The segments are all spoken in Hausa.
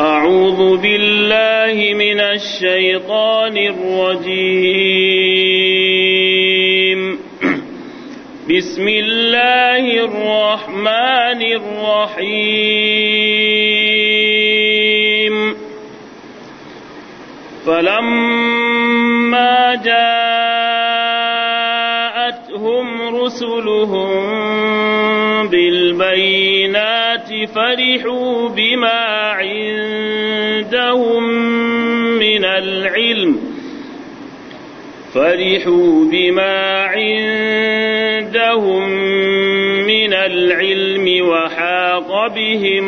أعوذ بالله من الشيطان الرجيم بسم الله الرحمن الرحيم فلما جاءتهم رسلهم بالبينات فرحوا بما عندهم من العلم فرحوا بما عندهم من العلم وحاق بهم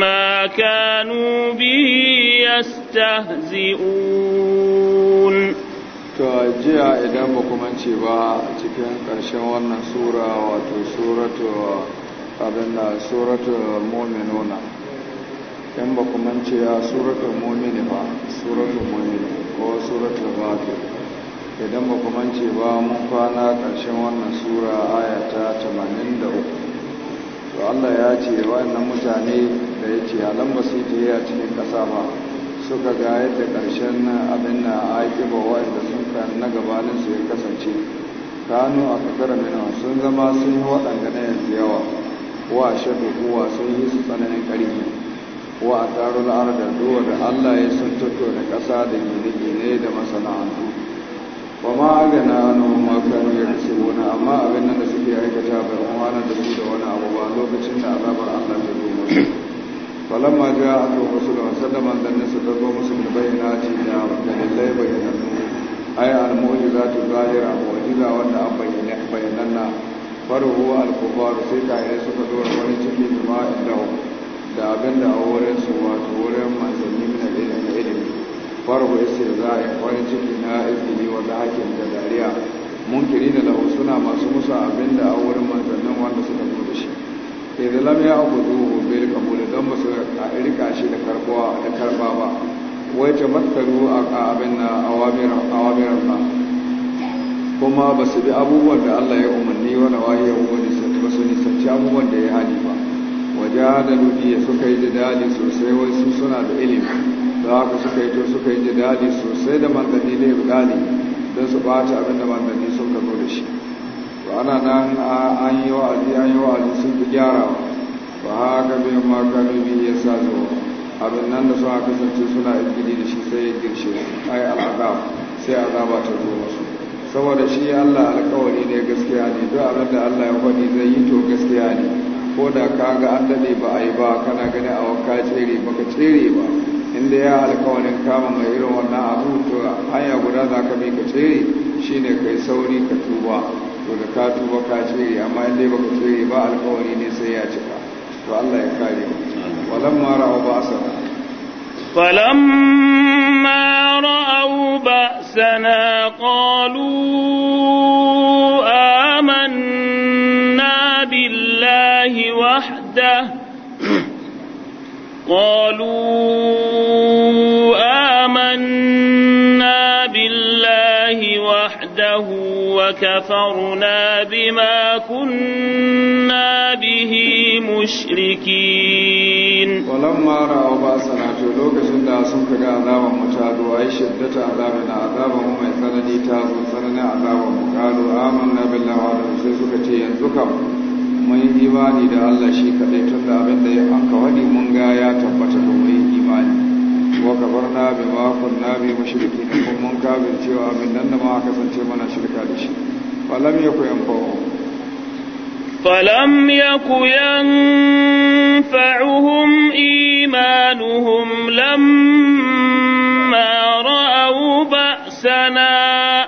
ما كانوا به يستهزئون تواجه إلى مكمنشي با cikin ƙarshen wannan sura abin na suratul mu'minuna in ba kuma ce a suratul ne ba suratul mu'mini ko ba ke, idan ba kuma ce ba mun kwana ƙarshen wannan sura tamanin da 83 to Allah ya ce wa'annan mutane da ya ce alam ba su yi a cikin ƙasa ba suka ga yadda ƙarshen abin na aiki ba wa'anda sun na gabanin su ya kasance kanu a kakar mina sun zama sun yi waɗanda na yanzu yawa wa shaɗu kuwa sun yi su tsananin ƙarfi wa a tsarin ardar da allah ya sun tatto da ƙasa da gine-gine da masana'antu ba ma agana anon makanu ya kasu wani amma abin nan da suke aikata bai umarnar da su da wani abu ba lokacin da azabar allah ta zo musu falamma ja a to musu da da manzannin su zo musu da bayyana ce da dalilai bayyanannu ai al-mu'jizatu zahira mu'jiza wanda faruhu al-kufar sai su suka dora wani ciki bima da da abin da a wurin su wato wurin manzanni min al-ilmi na ilimi faruhu a wani ciki na izini wanda hakin da dariya kiri da lahu suna masu musa abin da a wurin manzannin wanda suka zo da shi idan lam ya abuduhu bil qabul dan ba su rika shi da karbawa da karba ba wai ta mattaru a abin na awamiran ba kuma ba su bi abubuwan da Allah ya umarni wani nawahi ya umarni ba su nisanci abubuwan da ya hali ba waje da ya suka yi jidali sosai wai su suna da ilimi da haka suka yi to suka yi jidali sosai da manzanni da gani don su ɓata abin da mandani sun ka zo da shi to ana nan an yi wa'azi an yi wa'azi sun fi gyarawa ba haka bai ma kanubi ya sa zuwa abin nan da suka kasance suna ilgidi da shi sai ya girshe ai al'azab sai azaba ta zo masu saboda shi Allah alkawari ne gaskiya ne duk abin da Allah ya faɗi zai yi to gaskiya ne ko da ka ga an daɗe ba a yi ba kana gani a wanka tsere baka tsere ba inda ya alkawarin kama mai irin wannan abu to hanya guda za ka bi ka tsere shine kai sauri ka tuba to da ka tuba ka tsere amma inda baka tsere ba alkawari ne sai ya cika to Allah ya kare mu walamma ba sa. فلما رأوا بأسنا قالوا آمنا بالله وحده قالوا آمنا الله وحده وكفرنا بما كنا به مشركين ولما رأوا بأسنا جلوك سنة سنك عذاب متادو أي شدة عذابنا عذاب ممن سنني تازو سنني عذاب مقالوا آمنا بالله وعلى رسولك تينزكم mun imani da Allah shi kaɗai tun da abin da ya an kawai mun ga ya tabbata domin imani وكفرنا بما كنا به مشركين كن من كافر سوى من نن ما كسنت من شركا فلم يكن ينفعهم فلم يكن ينفعهم إيمانهم لما رأوا بأسنا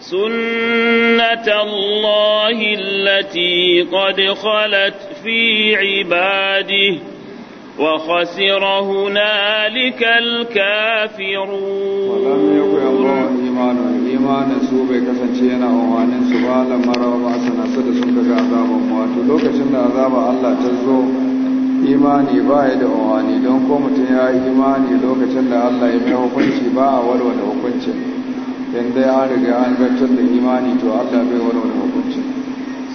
سنة الله التي قد خلت في عباده وخسر هنالك الكافرون ولم يكن الله إيمانه إيمان سوبة كسنشينا وعانين سبالا مرة ومعسنا سد سنك عذاب مواتو لو كشن عذاب الله تزو imani ba ya da wani don ko mutum ya yi imani lokacin da Allah ya mai hukunci ba a walwala hukuncin in dai an riga an da imani to Allah bai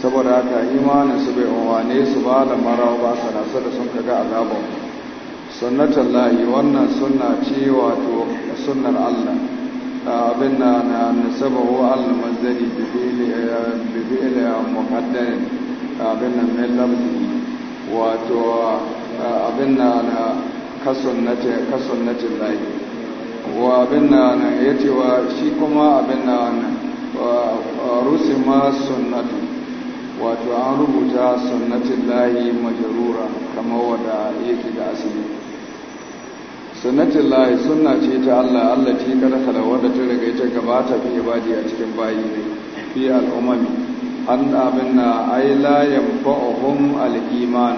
saboda haka imanin su bai umarne su ba da marawa ba su nasu da sun kaga azaban sunnatan lahi wannan sunna ce wato sunnar Allah abin na na nasabahu Allah mazdari bi fi'il muqaddarin abin nan mai lamzi wato abin na na kasunnati kasunnatin lahi wa abin na na ce wa shi kuma abin na na rusima sunnatu wato an rubuta sunnatin layi majarura kamar wadda yake da asiri sunnatin layi suna ce ta allah allah ce kada wadda ta riga ta gabata fi ibadi a cikin bayi ne fi al'umami an abin na aila ya fa'ahun al'iman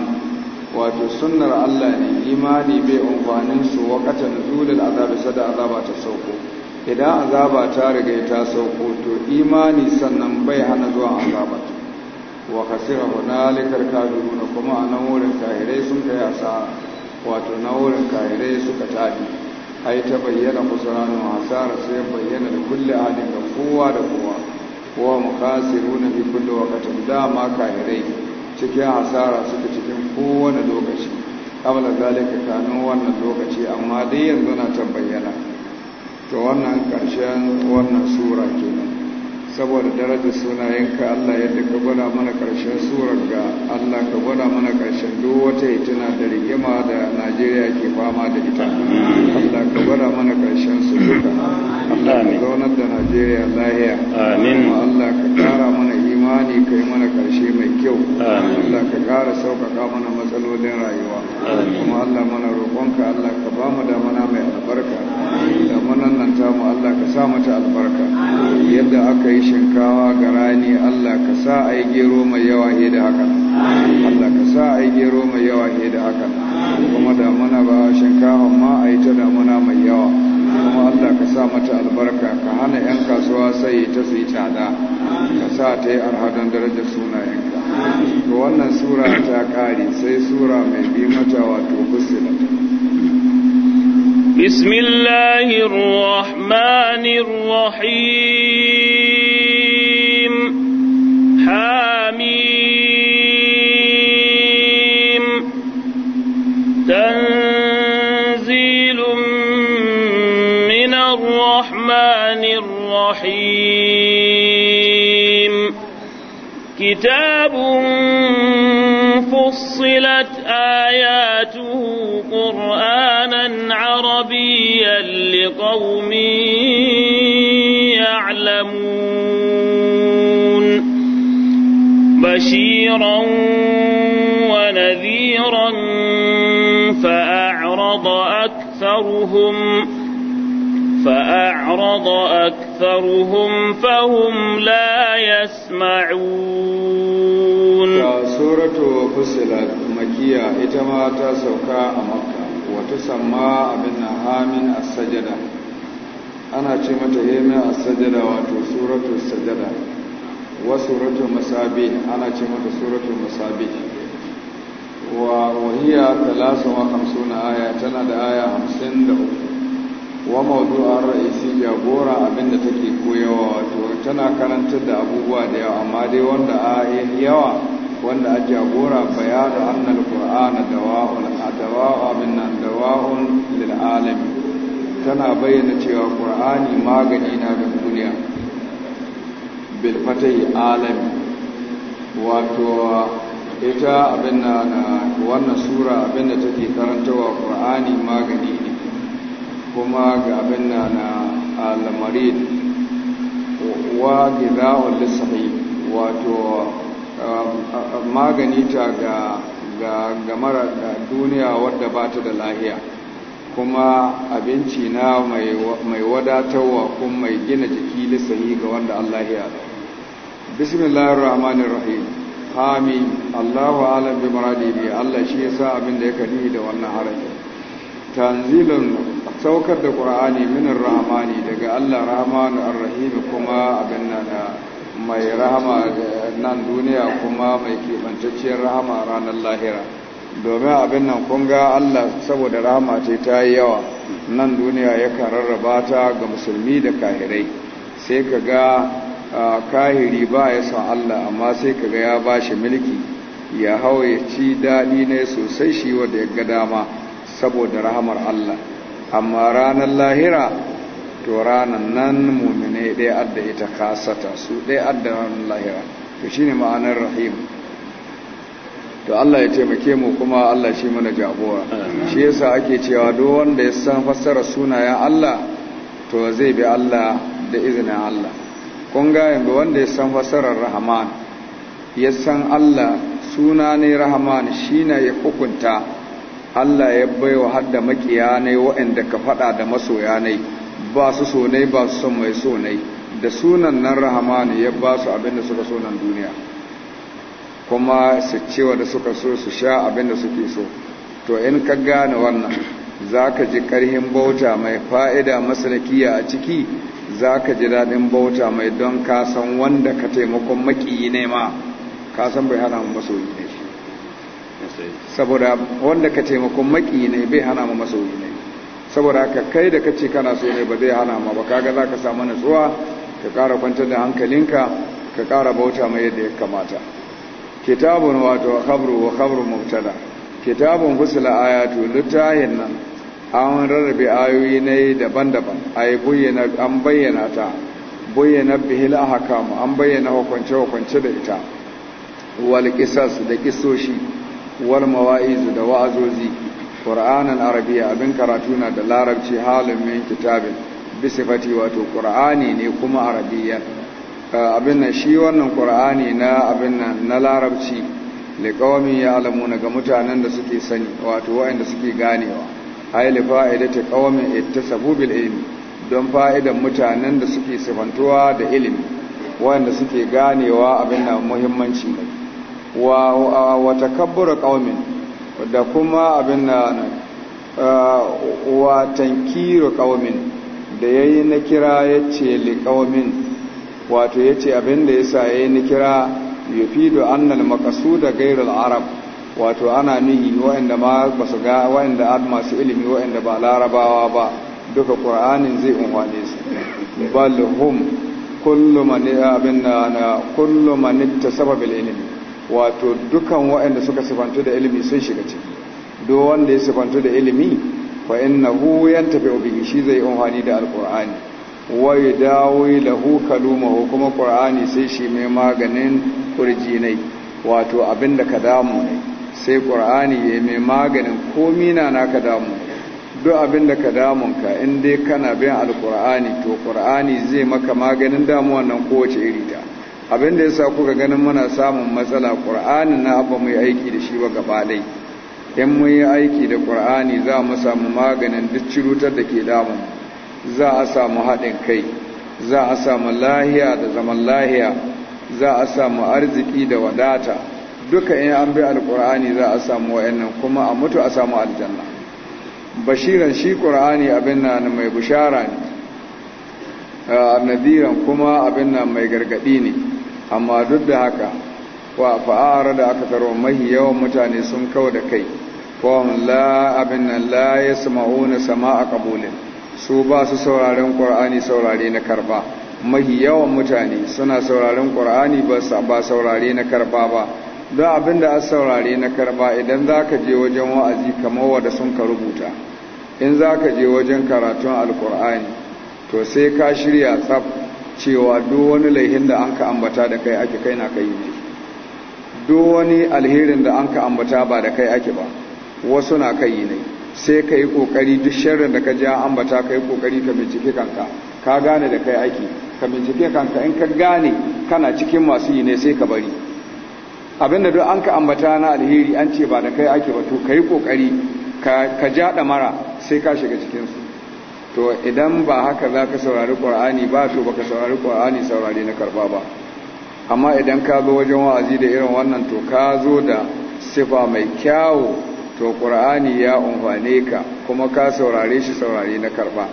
wato sunnar allah ne imani bai amfanin su wakata nuzulul azabi sada azaba ta sauko idan azaba ta riga ta sauko to imani sannan bai hana zuwa azabata wa kasira hunalikar kafiruna kuma a nan wurin kahirai sun ka yasa wato na wurin kahirai suka tafi ai ta bayyana kusuranu hasara sai bayyana da kulle adin da kowa da kowa kowa mukasiruna bi kulli waqtin dama kahirai cikin hasara suka cikin kowane lokaci kamala zalika kanun wannan lokaci amma dai yanzu na ta bayyana to wannan ƙarshen wannan sura kenan saboda darajar sunayenka Allah yadda ka gwada mana ƙarshen surar ga Allah ka gwada mana ƙarshen duk wata tuna da rigima da Najeriya ke fama da ita Allah ka gwada mana ƙarshen su duka Allah ka zaunar da Najeriya lahiya amin Allah ka ƙara mana yi. imani ka yi mana ƙarshe mai kyau Allah ka ƙara sauƙaƙa mana matsalolin rayuwa kuma Allah mana roƙonka Allah ka ba mu damana mai albarka damanan nan ta mu Allah ka sa mata albarka yadda aka yi shinkawa ga rani Allah ka sa a yi gero mai yawa he da haka Allah ka sa a yi gero mai yawa he da haka kuma damana ba shinkawa ma a yi ta damana mai yawa kuma Allah ka sa mata albarka ka hana 'yan kasuwa sai ta su yi tada ka sa ta yi arhadon darajar sunayenka to wannan sura ta ƙari sai sura mai bi mata wato fusilat bismillahirrahmanirrahim الرحمن الرحيم كتاب فصلت آياته قرآنا عربيا لقوم يعلمون بشيرا ونذيرا فأعرض أكثرهم فأعرض أكثرهم فهم لا يسمعون سورة فصلت مكية إتما تسوكا مكة وتسمى أبن هامن السجدة أنا كما تهيم السجدة وتسورة السجدة وسورة المسابيح أنا كما سورة المسابيح وهي وخمسون آية تنا آية خمسين 53 wa mawdu'ar ra'isi jagora abinda take koyawa wato tana karantar da abubuwa da yawa amma dai wanda a yawa wanda a jagora bayanu annal qur'ana dawa'ul adawa'u min dawa'un lil alamin tana bayyana cewa qur'ani magani na ga duniya bil fatai alami wato ita abin na wannan sura abin da take karantawa qur'ani magani kuma ga abin na na lamarin wa gizawar lissafi wato um, um, magani ta ga ga mara duniya wadda ba ta da lahiya kuma abinci na mai wadatarwa kuma mai gina jiki lissahi ga wanda Allah ya da bismillahir rahmanir rahim hami Allahu alam bi maradi bi Allah shi yasa abin da ya kadi da wannan harafi tanzilun saukar da ƙura'ani minin rahamani daga allah rahamanu arrahimi kuma abin nan eh, mai rahama eh, nan duniya kuma mai kebantacciyar rahama ranar lahira domin abin nan kunga allah saboda rahama ce ta yi yawa nan duniya yakan rarraba ta ga musulmi da kahirai sai ka ga eh, kahiri ba ya sa allah amma sai ka ga ya ba shi mulki ya hau ya ci daɗi ne sosai shi wanda ya ga dama saboda rahamar allah amma ranar lahira to ranar nan mummune ɗaya adda ita kasata su ɗaya adda ranar lahira to shi ne ma'anar rahim to Allah ya taimake mu kuma Allah shi mana jagora shi yasa ake cewa duk wanda ya san fassarar sunayen Allah to zai bi Allah da izinin Allah kun ga yanzu wanda ya san fassarar Rahman ya san Allah suna ne Rahman shi na ya hukunta Allah ya baiwa har da makiya ne waɗanda ka faɗa da masoya ne ba su so ne ba su son mai so ne da sunan nan rahamanu ya ba su abinda suka so nan duniya kuma su cewa da suka so su sha abinda suke so to in ka gane wannan za ka ji ƙarhin bauta mai fa'ida masarakiya a ciki za ka ji daɗin bauta mai don kasan wanda ka taimakon makiyi ne ma kasan bai hana masoyi ne saboda wanda ka taimakon maki ne bai hana ma masoyi ne saboda haka kai da kace kana so ne ba zai hana ma ba kaga ka samu nutsuwa ka ƙara kwantar da hankalinka ka ƙara bauta mai yadda ya kamata kitabun wato khabru wa khabru mubtada kitabun fusila ayatu littahin nan an rarrabe ayoyi ne daban-daban ay bayyana an bayyana ta bayyana bihil ahkam an bayyana hukunce hukunce da ita wal qisas da kisoshi wal mawa'iz da wa'azozi qur'anan Arabiya abin karatu na da larabci halin min kitabin bisifati wato qur'ani ne kuma arabiya abin nan shi wannan qur'ani na abin nan na larabci alamu na ga mutanen da suke sani wato wa'anda suke ganewa ay li fa'idati qawmin ittasabu bil ilmi don fa'idan mutanen da suke sifantuwa da ilimi wa'anda suke ganewa abin nan muhimmanci ne wa takabbura qaumin da kuma abin na uh, wa tankiru qaumin da yayi na kira yace li qaumin wato yace abin da yasa yayi na kira yufidu annal maqsuda gairar arab wato ana nihi wa'anda ma ba su ga wa'anda ad masu ilimi wa'anda ba larabawa ba duka qur'anin zai unwane su bal hum kullu man abin na kullu man ittasaba bil ilmi wato dukan waɗanda suka sifantu da ilimi sun shiga ciki do wanda ya sifantu da ilimi fa innahu yantafi'u bihi shi zai amfani da alqur'ani wa yadawi lahu kalumahu kuma qur'ani sai shi mai maganin kurjinai wato abinda ka damu ne sai qur'ani ya mai maganin komi na ka damu duk abinda ka damun ka in dai kana bin alqur'ani to qur'ani zai maka maganin damuwan nan kowace iri ta abin da ya sa kuka ganin muna samun matsala ƙur'ani na abba yi aiki da shi ba gaba dai in mun yi aiki da ƙur'ani za mu samu maganin duk cirutar da ke damu za a samu haɗin kai za a samu lahiya da zaman lahiya za a samu arziki da wadata duka in an bi alqur'ani za a samu wayannan kuma a mutu a samu aljanna bashiran shi ƙur'ani abin na mai bushara ne nadiran kuma abin na mai gargadi ne amma duk da haka wa fa'ara da aka taro mahi yawan mutane sun kawo da kai kawon la'abin nan la'ayi sama'una sama a kabulin su ba su sauraren ƙwar'ani saurare na karba mahi yawan mutane suna sauraren ƙwar'ani ba saurare na karba ba don abin da an saurare na karba idan za ka je wajen wa'azi kamar wadda sun ka rubuta in za ka je wajen karatun alƙwar'ani to sai ka shirya tsab cewa duk wani laihin da an ka ambata da kai ake kai na kai ne duk wani alherin da an ka ambata ba da kai ake ba wasu na kai ne sai ka yi ƙoƙari duk sharrin da ka ji an ambata ka yi ƙoƙari ka bincike kanka ka gane da kai ake ka bincike kanka in ka gane kana cikin masu yi ne sai ka bari abinda duk an ka ambata na alheri an ce ba da kai ake ba to ka yi ƙoƙari ka ja mara sai ka shiga cikinsu to idan ba haka za ka saurari ƙwar'ani ba to ba ka saurari ƙwar'ani saurari na karɓa ba amma idan ka zo wajen wa'azi da irin wannan to ka zo da sifa mai kyawu to ƙwar'ani ya umfane ka kuma ka saurare shi saurari na karɓa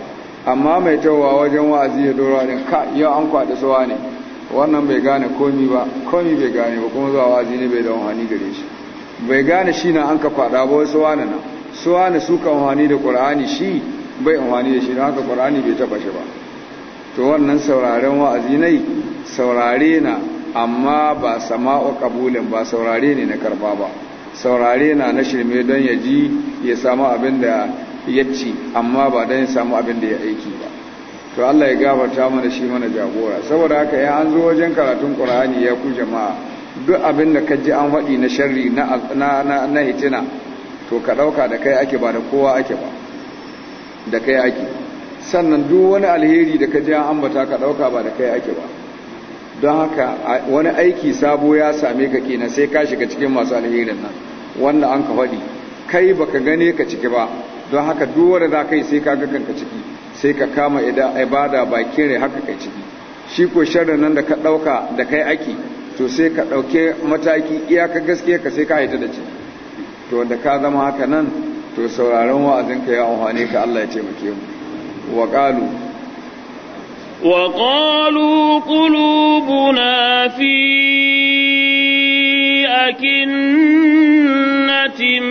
amma mai tawa wajen wa'azi ya dora ne ka yau an kwaɗi suwa ne wannan bai gane komi ba komi bai gane ba kuma zuwa wa'azi ne bai da umfani gare shi bai gane shi na an ka kwaɗa ba wasu wani na suwa ne su kan wani da ƙwar'ani shi bai amfani da shi haka ƙur'ani bai taba shi ba to wannan sauraren wa'azi nai saurare na amma ba sama'u ƙabulin ba saurare ne na karba ba saurare na na shirme don ya ji ya samu abin da ya ci amma ba don ya samu abin da ya aiki ba to Allah ya gafarta mana shi mana jagora saboda haka ya an zo wajen karatun qur'ani ya ku jama'a duk abin da ka ji an faɗi na sharri na hitina to ka ɗauka da kai ake ba da kowa ake ba da kai ake sannan duk wani alheri da ka ji an ambata ka dauka ba da kai ake ba don haka wani aiki sabo ya same ka kenan sai ka shiga cikin masu alherin nan wanda an ka faɗi kai baka gane ka ciki ba don haka duk wanda za ka yi sai ka ga kanka ciki sai ka kama ibada ba kere haka kai ciki shi ko sharrin nan da ka dauka da kai ake to sai ka dauke mataki iyaka gaskiya ka sai ka haita da ciki to da ka zama haka nan to sauraron wa'azinka ya amfane ka Allah ya taimake mu wa qalu wa qalu qulubuna fi akinnatin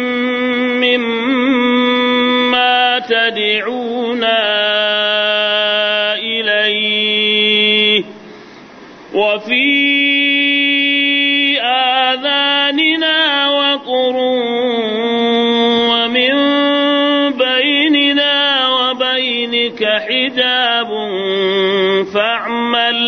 mimma tad'una ilayhi wa fi آذاننا وقرون حجاب فاعمل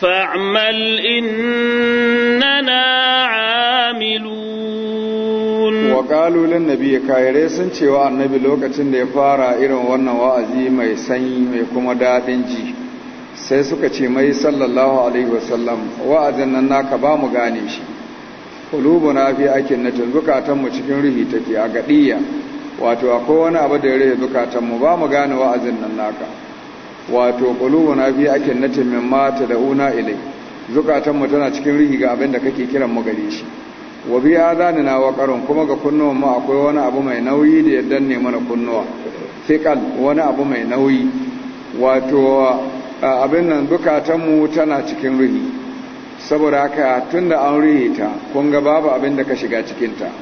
فاعمل إننا عاملون وقالوا للنبي كايري سنشيوا النبي لوكتين دي فارا إرن وانا وأزي مي سني مي كما دادن جي sai suka ce mai sallallahu alaihi wasallam wa'azin nan naka ba mu gane shi qulubuna fi akin natul bukatanmu cikin ruhi take a gadiya wato akwai wani abu da ya rage zukatanmu ba mu gane wa'azin nan naka wato ake na qulubuna min mata da una ilai zukatanmu tana cikin rigi ga abin da kake kiran mu gare shi wa bi adanina na qarun kuma ga kunnuwan mu akwai wani abu mai nauyi da ya danne mana kunnuwa fikal wani abu mai nauyi wato abin nan zukatanmu tana cikin rigi saboda haka tunda an rihe ta kun ga babu abin da ka shiga cikinta. ta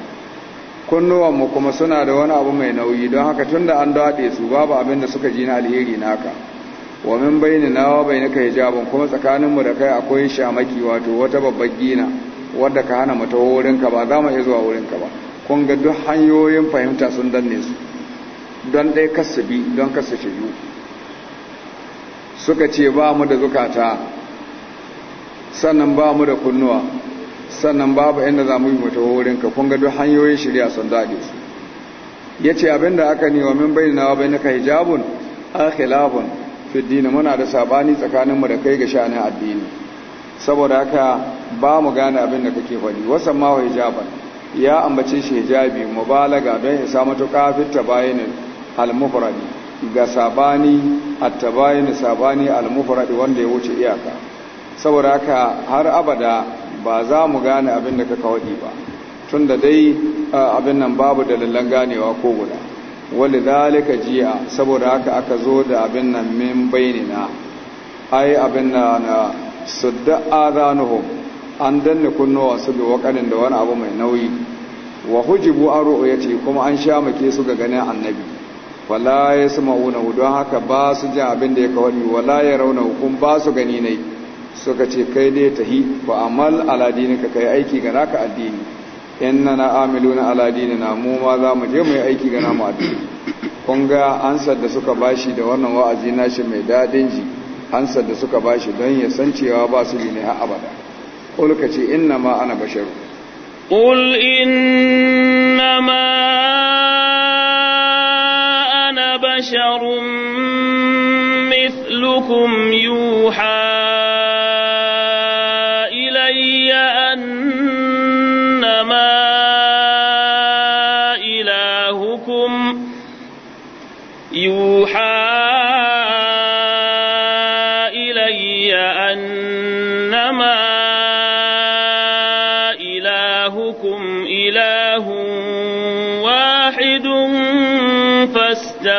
kunnuwanmu kuma suna da wani abu mai nauyi don haka tun da an daɗe su babu abin da suka ji na alheri naka wa min bayni nawa bai naka hijabun kuma tsakaninmu da kai akwai shamaki wato wata babbar gina wadda ka hana mata wurinka ba za mu iya zuwa wurinka ba kun ga duk hanyoyin fahimta sun danne su don ɗaya kasu bi don kasu shiryu suka ce ba mu da zukata sannan ba mu da kunnuwa sannan babu inda za mu yi mutu wurin ka kun ga duk hanyoyin shirya sun daɗe su ya ce abinda aka nema wa min na wa bayyana ka hijabun khilafun fiddini muna da sabani tsakanin mu da kai ga sha'anin addini saboda haka ba mu gane abin da kake faɗi wasan ma wa hijaban ya ambace shi hijabi mu mubalaga don isa samu kafin almufradi ga sabani at-tabayin sabani wanda ya wuce iyaka saboda haka har abada ba za mu gane abin da ka kawadi ba tun da dai abin nan babu dalilan ganewa ko guda wali dalika jiya saboda haka aka zo da abin nan min bainina ai abin na na sudda azanuhu an danne kunnuwa su bi wakarin da wani abu mai nauyi wa hujibu ya ce kuma an sha make su ga ganin annabi wala yasma'una don haka ba su ji abin da ya kawai wala rauna hukum ba su gani nai suka ce kai dai hi ba amal al'adini ka kai aiki ga naka addini Yan na na na al'adini na mu ma za mu je mu yi aiki ga namu addini kun ga ansar da suka bashi da wannan wa'azi nashi mai dadin ji ansar da suka bashi don ya san cewa ba su ne a abada qul ka ce inna ma ana basharu Kul inna ma ana basharun mithlukum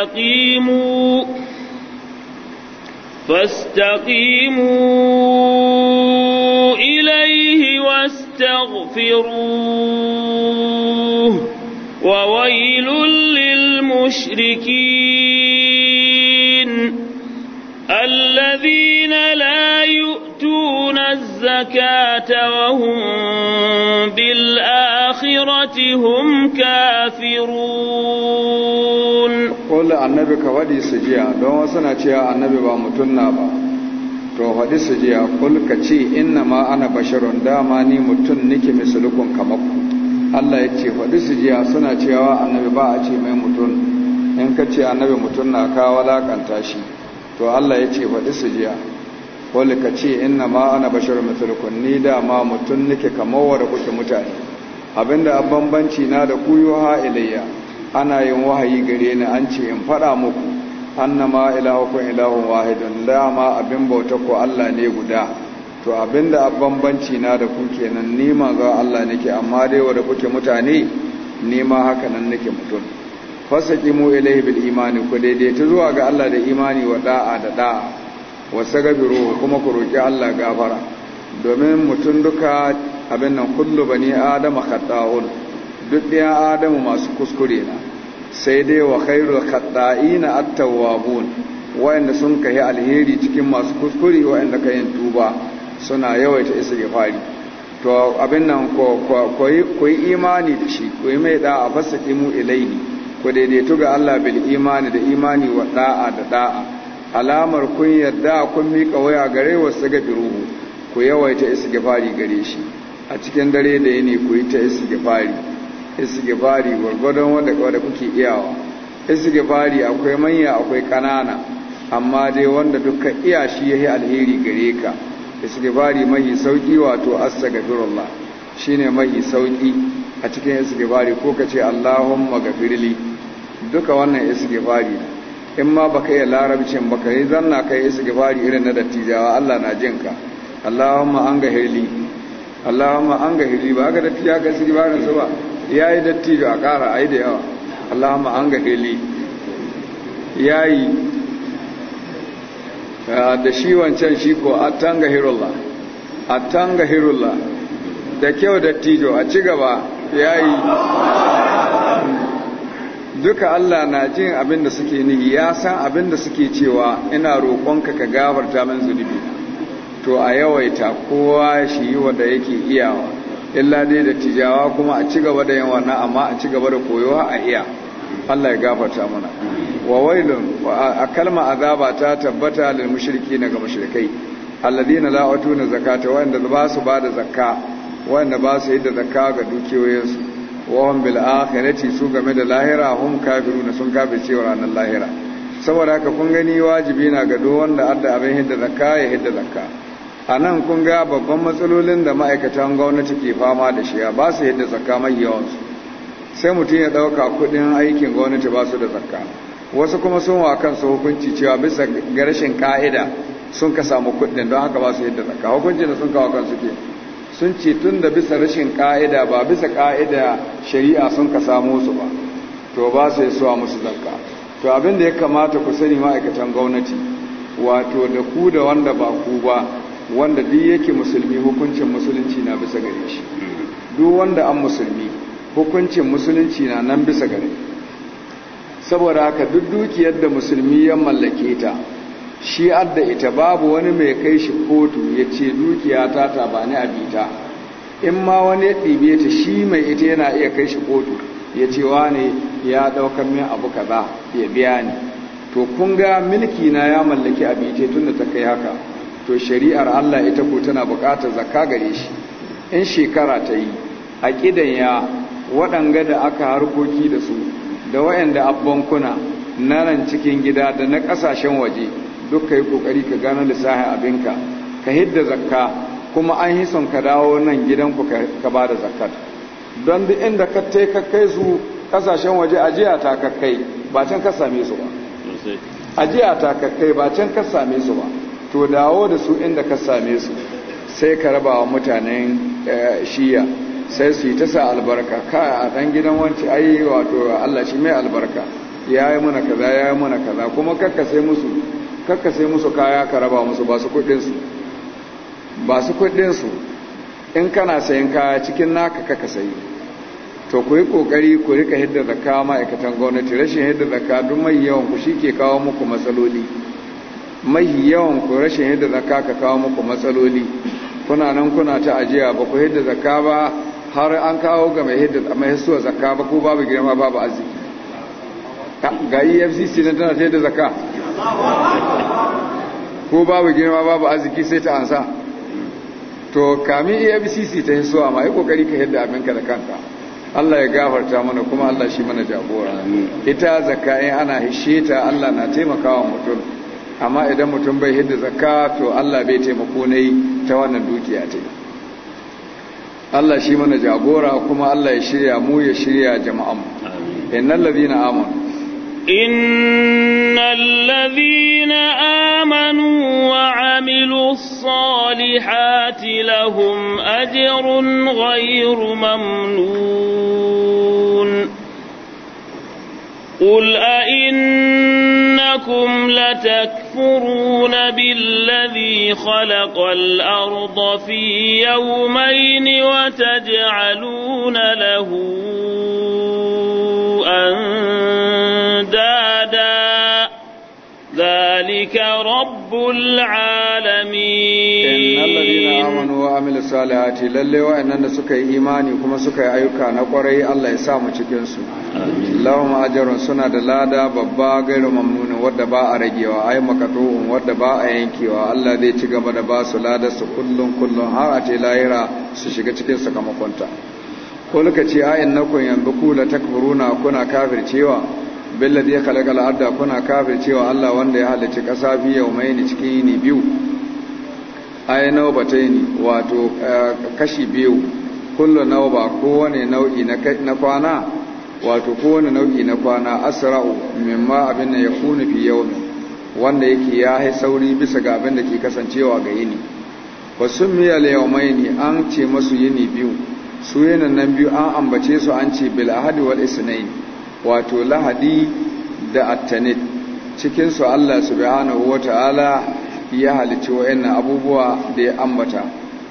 فاستقيموا فاستقيموا إليه واستغفروه وويل للمشركين الذين لا يؤتون الزكاة وهم بالآخرة هم كافرون kola annabi ka faɗi su jiya don wasu na cewa annabi ba mutum na ba to faɗi su jiya kul ka ce inna ma ana basharun dama ni mutum nake misalukun kamakku Allah ya ce faɗi su jiya suna cewa annabi ba a ce mai mutum in ka ce annabi mutum na ka walakanta shi to Allah ya ce faɗi su jiya kul ka ce inna ma ana basharun misalukun ni dama mutum nake kamar wa da kuke mutane abinda a bambanci na da kuyo ha ilayya ana yin wahayi gare ni an ce in faɗa muku annama ilahukum ilahun wahidun dama abin bauta ko Allah ne guda to abinda bambanci na da ku kenan ni ma ga Allah nake amma dai wanda kuke mutane ni ma haka nan nake mutum fasaqimu ilayhi bil imani ku daidai ta zuwa ga Allah da imani wa da'a da da'a wasagabiru kuma ku roki Allah gafara domin mutum duka abin nan kullu bani adama khata'un duk ɗaya adamu masu kuskure na sai dai wa khairul khadda'ina at-tawwabun wayanda sun kai alheri cikin masu kuskure wayanda kayan tuba suna yawaita istighfari to abin nan ko ko yi imani da shi ko yi mai da'a mu ilayhi ko daidaitu ga Allah bil imani da imani wa da'a da da'a alamar kun yadda kun mika waya gare wa biruhu ku yawaita istighfari gare shi a cikin dare da yini ku yi ta istighfari istighfari gwargwadon wanda kuke iyawa istighfari akwai manya akwai kanana amma dai wanda duka iya shi yayi alheri gare ka istighfari mai sauki wato astaghfirullah shine mai sauki a cikin istighfari ko kace Allahumma gafirli duka wannan istighfari in ma baka iya larabcin baka yi zanna kai istighfari irin na dattijawa Allah na jinka Allahumma an gahirli Allahumma an gahirli ba ga dattijawa kai istighfarin su ba ya yi dattijo a ƙara a yi da yawa allama an ga heli ya yi ah, da shi wancan shi ko a tanga hirulla a tanga hirulla da kyau dattijo a ci gaba ya yi duka allah na jin abin da suke nigi ya san abin da suke cewa ina roƙonka ka gabar min zunubi to a yawaita kowa shi yi wanda yake iyawa illa dai da tijawa kuma a ci gaba da yin wannan amma a ci gaba da koyowa a iya Allah ya gafarta mana wa wailun a kalma azaba ta tabbata lil mushriki na ga mushrikai alladina la atuna zakata inda ba su ba da zakka inda ba su yi zakka ga dukiyoyinsu wa hum bil akhirati su game da lahira hum kafiruna sun cewa ranar lahira saboda haka kun gani wajibi na ga duk wanda adda abin hidda zakka ya hidda zakka a nan kun ga babban matsalolin da ma'aikatan gwamnati ke fama da shi ba su yadda zakka mai yawansu sai mutum ya ɗauka kuɗin aikin gwamnati ba su da zakka wasu kuma sun wa kansu hukunci cewa bisa ga rashin ka'ida sun ka samu kuɗin don haka ba su yadda zakka hukuncin da sun kawo kansu ke sun ce tun da bisa rashin ka'ida ba bisa ka'ida shari'a sun ka samu su ba to ba su yi a musu zakka to abin da ya kamata ku sani ma'aikatan gwamnati wato da ku da wanda ba ku ba wanda duk yake musulmi hukuncin musulunci na bisa gare shi duk wanda an musulmi hukuncin musulunci na nan bisa gare saboda haka duk dukiyar da musulmi ya mallake ta shi adda ita babu wani mai kai shi kotu ya ce dukiya ta ta ba ni abita in ma wani ya ɗibe ta shi mai ita yana iya kai shi kotu ya ce ne ya ɗaukar min abu kaza ya biya ni to kunga ga milki na ya mallaki bita tun da ta kai haka to shari'ar Allah ita ko tana bukatar zakka gare shi in shekara ta yi a ya waɗanga da aka harkoki da su da waɗanda kuna na nan cikin gida da na ƙasashen waje duk ka yi ƙoƙari ka gano lissahin abinka ka hidda zakka kuma an yi son ka dawo nan gidanku ka ba da don duk inda ka tai ka kai su ƙasashen waje ajiya ta ka ba can ka same su ba ajiya ta ka ba can ka same su ba to dawo da su inda ka same su sai ka raba wa mutanen eh, shiya sai su yi ta sa albarka ka a ɗan gidan wanci yi wato Allah shi mai albarka ya yi mana kaza ya yi mana kaza kuma kakkase musu kakkase musu kaya ka raba musu ba su kuɗinsu ba su kuɗinsu in kana sayan kaya cikin naka kaka sayi to ku yi ƙoƙari ku rika hidda zaka ma'aikatan gwamnati rashin hidda zaka duk mai yawan ku shi ke kawo muku matsaloli mai yawan ku rashin yadda zakka ka kawo muku matsaloli kuna nan kuna ta ajiya ba ku yadda zakka ba har an kawo ga mai yadda mai hisuwa zakka ba ko babu girma babu arziki ga EFCC nan tana ta yadda zakka ko babu girma babu arziki sai ta ansa to kamin EFCC ta hisuwa ma yi kokari ka yadda aminka da kanka Allah ya gafarta mana kuma Allah shi mana jagora ita zakka ana hishe ta Allah na taimakawa mutum amma idan mutum bai hidda zakka to Allah bai taimako ne ta wannan dukiya ta Allah shi mana jagora kuma Allah ya shirya mu ya shirya jama'an mu innal ladina amanu innal ladina amanu wa amilus salihati lahum ajrun ghayru mamnun قل أئنكم لتكفرون بالذي خلق الأرض في يومين وتجعلون له أندادا ربك رب العالمين إن الذين آمنوا وعملوا الصالحات للي وإننا سكي إيماني كما سكي أيوكا نقري الله يسامو تكنسو لهم أجر سنة دلادا ببا غير ممنون ودبا أرجيوا أي مكتوهم ودبا أينكيوا الله ذي تغبا دبا سلادا سكلهم كلهم هارتي لايرا سشيكا تكنسو كما كنت ko lokaci ayin nakon yanzu kula takfuruna kuna kafircewa billadi ya kalaga adda kuna kafe cewa Allah wanda ya halicci ƙasa fi ni cikin yini biyu ai ni, wato eh, kashi biyu kullu nauba kowane nau'i na kwana wato kowane nau'i na kwana asra'u mimma abin da yakunu fi yawmi wanda yake ya hai sauri bisa ga abin da ke kasancewa ga yini wasummiya yaumaini an ce masu yini biyu su yanan nan biyu an ambace su an ce bil ahadi wal isnaini wato lahadi da attanit cikinsu allah subhanahu wa ta'ala ya halicci wa'in abubuwa da ya ambata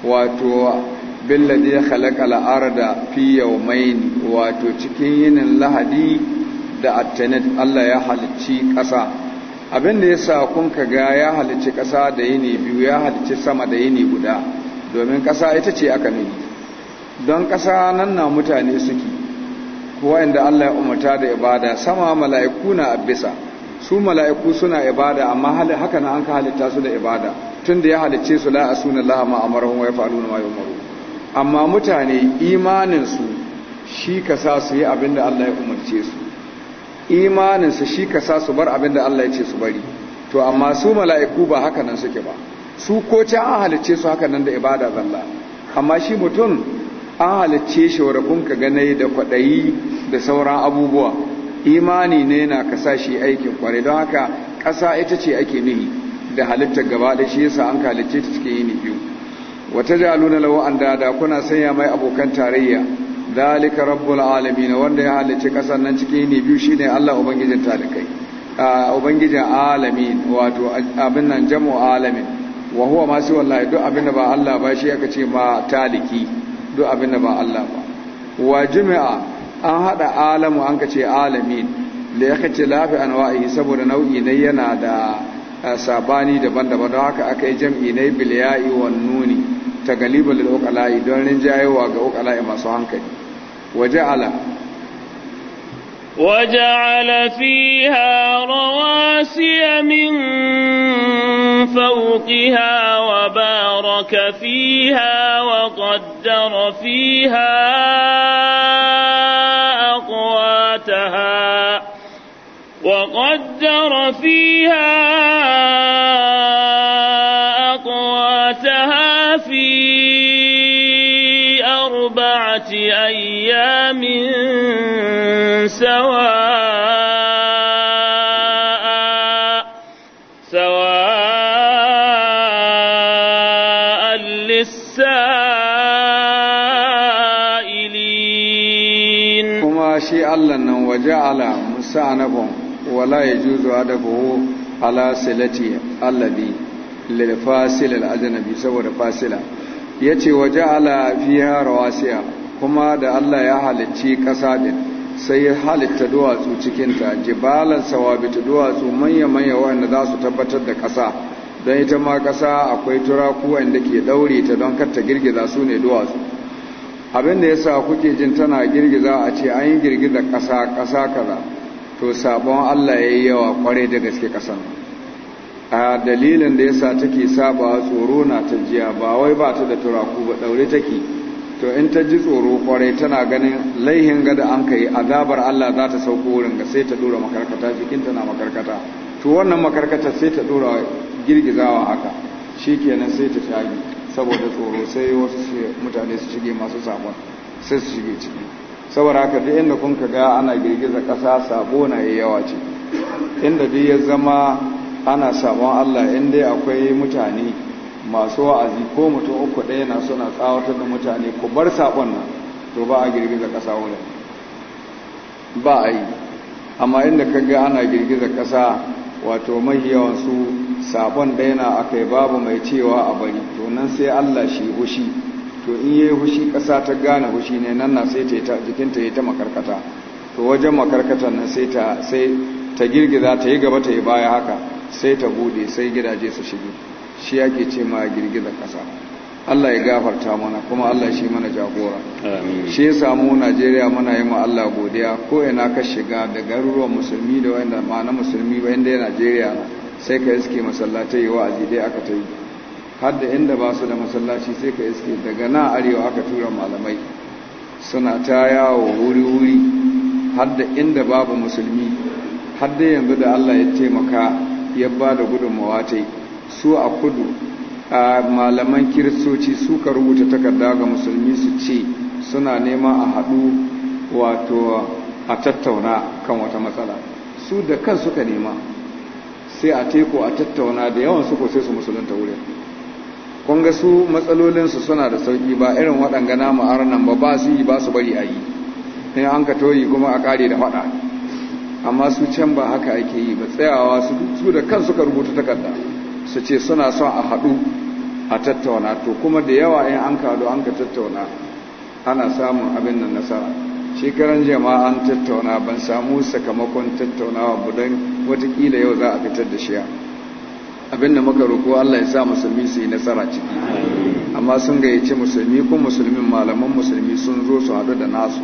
wato billadi ya halaka al'arda fi yawmain wato cikin yinin lahadi da attanit allah ya halicci ƙasa abin da ya sa kun ka ga ya halicci ƙasa da yini biyu ya halicci sama da yini guda domin ƙasa ita ce aka mini don ƙasa nan na mutane suke wa'anda Allah ya umarta da ibada sama mala'iku na abisa su mala'iku suna ibada amma hali haka na an ka halitta su da ibada tun da ya halicce su la'a suna laha ma amarahum wa yaf'aluna ma yu'maru amma mutane imanin su shi ka sa su yi abinda Allah ya umarce su imanin su shi ka sa su bar abinda Allah ya ce su bari to amma su mala'iku ba haka nan suke ba su ko can an halicce su haka nan da ibada zalla amma shi mutum an halicce shi warafin ka ganai da kwaɗayi da sauran abubuwa imani ne na kasa shi aikin kware don haka ƙasa ita ce ake nihi da halittar gaba da shi yasa an halicce ta cikin yini biyu wata jaluna lawa an dada kuna sanya mai abokan tarayya dalika rabbul alamin wanda ya halacce ƙasar nan cikin yini biyu shine Allah ubangijin talikai ubangijin alamin wato abin nan jamu alamin wa huwa ma shi wallahi duk abin da ba Allah ba shi aka ce ma taliki duk abin da ba Allah ba wa jami'a an hada alamu an kace alamin da ya kace lafi anwa'i saboda nau'i ne yana da sabani daban-daban don haka aka yi jam'i ne bil ya'i nuni ta galibul ukala'i don rinjayewa ga ukala'i masu hankali wa ja'ala وجعل فيها رواسي من فوقها وبارك فيها وقدر فيها أقواتها وقدر فيها أقواتها في أربعة أيام سواء سواء للسائلين كما شيء الله نن وجعل مسانبهم ولا يجوز ادبه على سلتي الذي للفاصل الاجنبي سوى الفاصلة يتي وجعل فيها رواسيا kuma da Allah ya halicci kasa din sai ya halitta duwatsu cikinta jibalan sawabita duwatsu manya-manya wanda za su tabbatar da ƙasa don ita ma ƙasa akwai turaku inda ke ɗaure ta don katta girgiza su ne duwatsu abin da ya sa kuke jin tana girgiza a ce an yi girgiza ƙasa ƙasa kaza to sabon allah ya yi yawa kwarai da gaske ƙasan a dalilin da ya sa take sabawa tsoro na ta jiya ba wai ba ta da turaku ba ɗaure take to in ta ji tsoro kwarai tana ganin laihin gada an kai azabar Allah za ta sauko wurin ga sai ta dora makarkata cikin na makarkata to wannan makarkata sai ta dora girgizawa haka shikenan sai ta shagi saboda tsoro sai wasu mutane su shige masu sabon sai su shige ciki saboda haka duk inda kun ka ga ana girgiza kasa sabo na yawa ce inda duk ya zama ana sabon Allah in dai akwai mutane masu wa'azi ko mutum uku ɗaya na suna tsawatar da mutane ku bar saƙon nan to ba a girgiza ƙasa wurin ba a yi amma inda ka ga ana girgiza ƙasa wato mahi yawan su saƙon ɗaya na aka yi babu mai cewa a bari to nan sai allah shi hushi to in yi hushi ƙasa ta gane hushi ne nan na sai jikinta ya ta makarkata to wajen makarkata nan sai ta girgiza ta yi gaba ta yi baya haka sai ta bude sai gidaje su shige shi yake ce ma girgida kasa Allah ya gafarta mana kuma Allah shi mana jagora shi ya samu Najeriya muna yi ma Allah godiya ko ina ka shiga da garuruwan musulmi da wanda ma na musulmi ba inda Najeriya sai ka iske masallatai wa'azi dai aka ta yi har da inda ba su da masallaci sai ka iske daga na arewa aka tura malamai suna ta yawo wuri-wuri har da inda babu musulmi har da yanzu da Allah ya taimaka ya ba da gudunmawa ta yi su a kudu a malaman kiristoci suka rubuta takarda ga musulmi su ce suna nema a haɗu wato a tattauna kan wata matsala su da kan suka nema sai a teku a tattauna da yawan suko sai su musulunta wurin kunga su matsalolinsu suna da sauƙi ba irin waɗanga namu arnan ba ba su yi ba su bari a yi ne an ka toyi kuma a ƙari da faɗa amma su can ba haka ake yi ba tsayawa su da kan suka rubuta takarda su ce suna son a haɗu a tattauna to kuma da yawa in an kado an ka tattauna ana samun abin nan nasara shekaran jama'a an tattauna ban samu sakamakon tattaunawa budan watakila yau za a fitar da shiya da muka roƙo Allah ya sa musulmi su yi nasara ciki amma sun gayyaci musulmi ko musulmin malaman musulmi sun zo su haɗu da nasu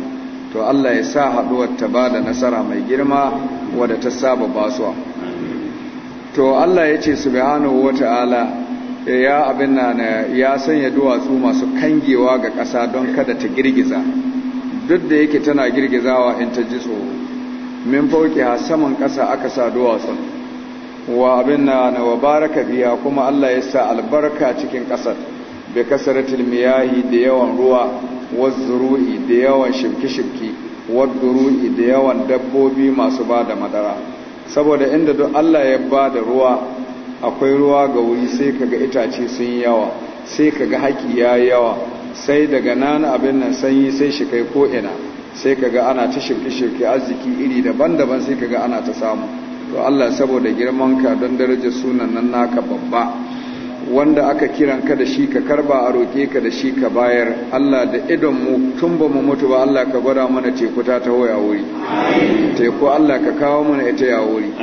to Allah ya sa haɗuwar ta bada nasara mai girma wadda ta saba basuwa to Allah ya ce subhanahu wata'ala eh, ya abin nan eh, ya sanya duwatsu masu kangewa ga ƙasa don kada ta girgiza duk da yake tana girgizawa in ta ji tsoro min fauki ha saman ƙasa aka sa duwatsun wa abin nan wa baraka biya kuma Allah ya sa albarka cikin ƙasar bi kasaratil miyahi da yawan ruwa wazzuru'i da yawan shimki-shimki wa wadduru'i da yawan dabbobi masu ba da madara saboda inda duk Allah ya ba da ruwa akwai ruwa ga wuri sai kaga itace sun yawa sai kaga haƙi ya yawa sai daga nan abin nan sanyi sai shi kai ko'ina sai kaga ana ta shirke-shirke arziki iri daban-daban sai kaga ana ta samu to Allah saboda girmanka don darajar sunan nan naka babba wanda aka kiran ka da shi ka karba a roƙe ka da shi ka bayar Allah da idon tun ba mu mutu ba Allah ka gwada mana teku ta taho ya wuri teku Allah ka kawo mana ita ya wuri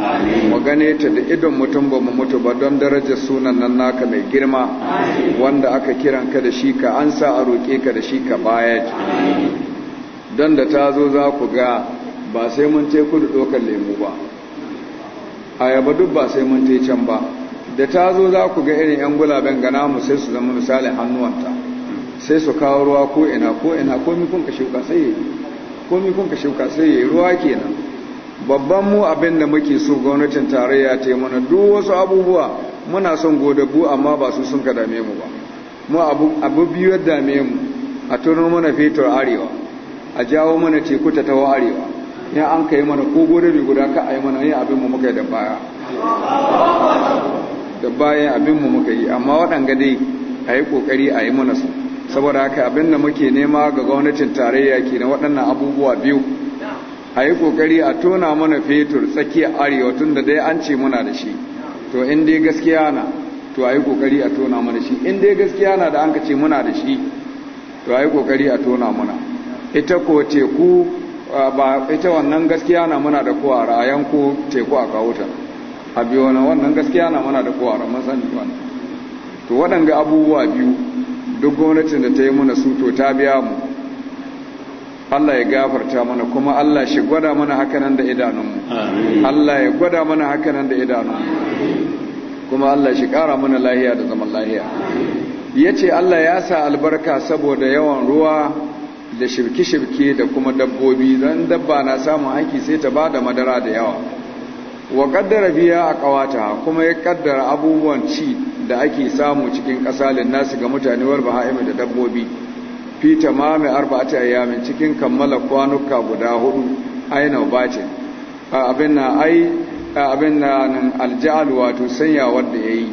mu gane ta da idon mu tun ba mu mutu ba don darajar sunan nan naka mai girma wanda aka kiran ka da shi ka ansa a roƙe ka da shi ka bayar don da ta zo za ku ga ba sai mun teku da dokar lemu ba a yaba duk ba sai mun te can ba da ta zo za ku ga irin yan gulaben gana mu sai su zama misalin hannuwanta sai su kawo ruwa ko ina ko ina komi kun ka shuka sai yi yi ruwa kenan babban mu abin da muke so gwamnatin tarayya ta yi mana duk wasu abubuwa muna son godabu amma ba su sun ka dame mu ba mu abu biyu ya dame mu a turno mana fetur arewa a jawo mana teku ta arewa ya an ka yi mana ko godabi guda ka a yi mana yin abin mu muka yi da baya da bayan abinmu muka yi amma waɗanga dai a yi ƙoƙari a yi mana su saboda haka abin da muke nema ga gwamnatin tarayya ke na waɗannan abubuwa biyu a yi ƙoƙari a tona mana fetur tsakiyar arewa tun da dai an ce muna da shi to in dai gaskiya na to a yi ƙoƙari a tona mana shi in dai gaskiya na da an ka ce muna da shi to a yi ƙoƙari a tona mana ita ko teku ba ita wannan gaskiya na muna da kowa a ra'ayan ko teku a kawo ta a biyo na wannan gaskiya na mana da kowara yi wannan to waɗanga abubuwa biyu duk gwamnatin da ta yi mana su to ta biya mu Allah ya gafarta mana kuma Allah shi gwada mana hakanan da idanunmu Allah ya gwada mana hakanan da idanunmu kuma Allah shi ƙara mana lahiya da zaman lahiya ya ce Allah ya sa albarka saboda yawan ruwa da shirki-shirki da kuma dabbobi don dabba na samun haki sai ta ba da madara da yawa wa kaddara biya a kawata kuma ya kaddara abubuwan ci da ake samu cikin kasalin nasu ga mutanewar war da dabbobi fi tamami arba'ati ayyamin cikin kammala kwanuka guda hudu aina batin abin na ai abin na nan alja'al wato sanya wanda yayi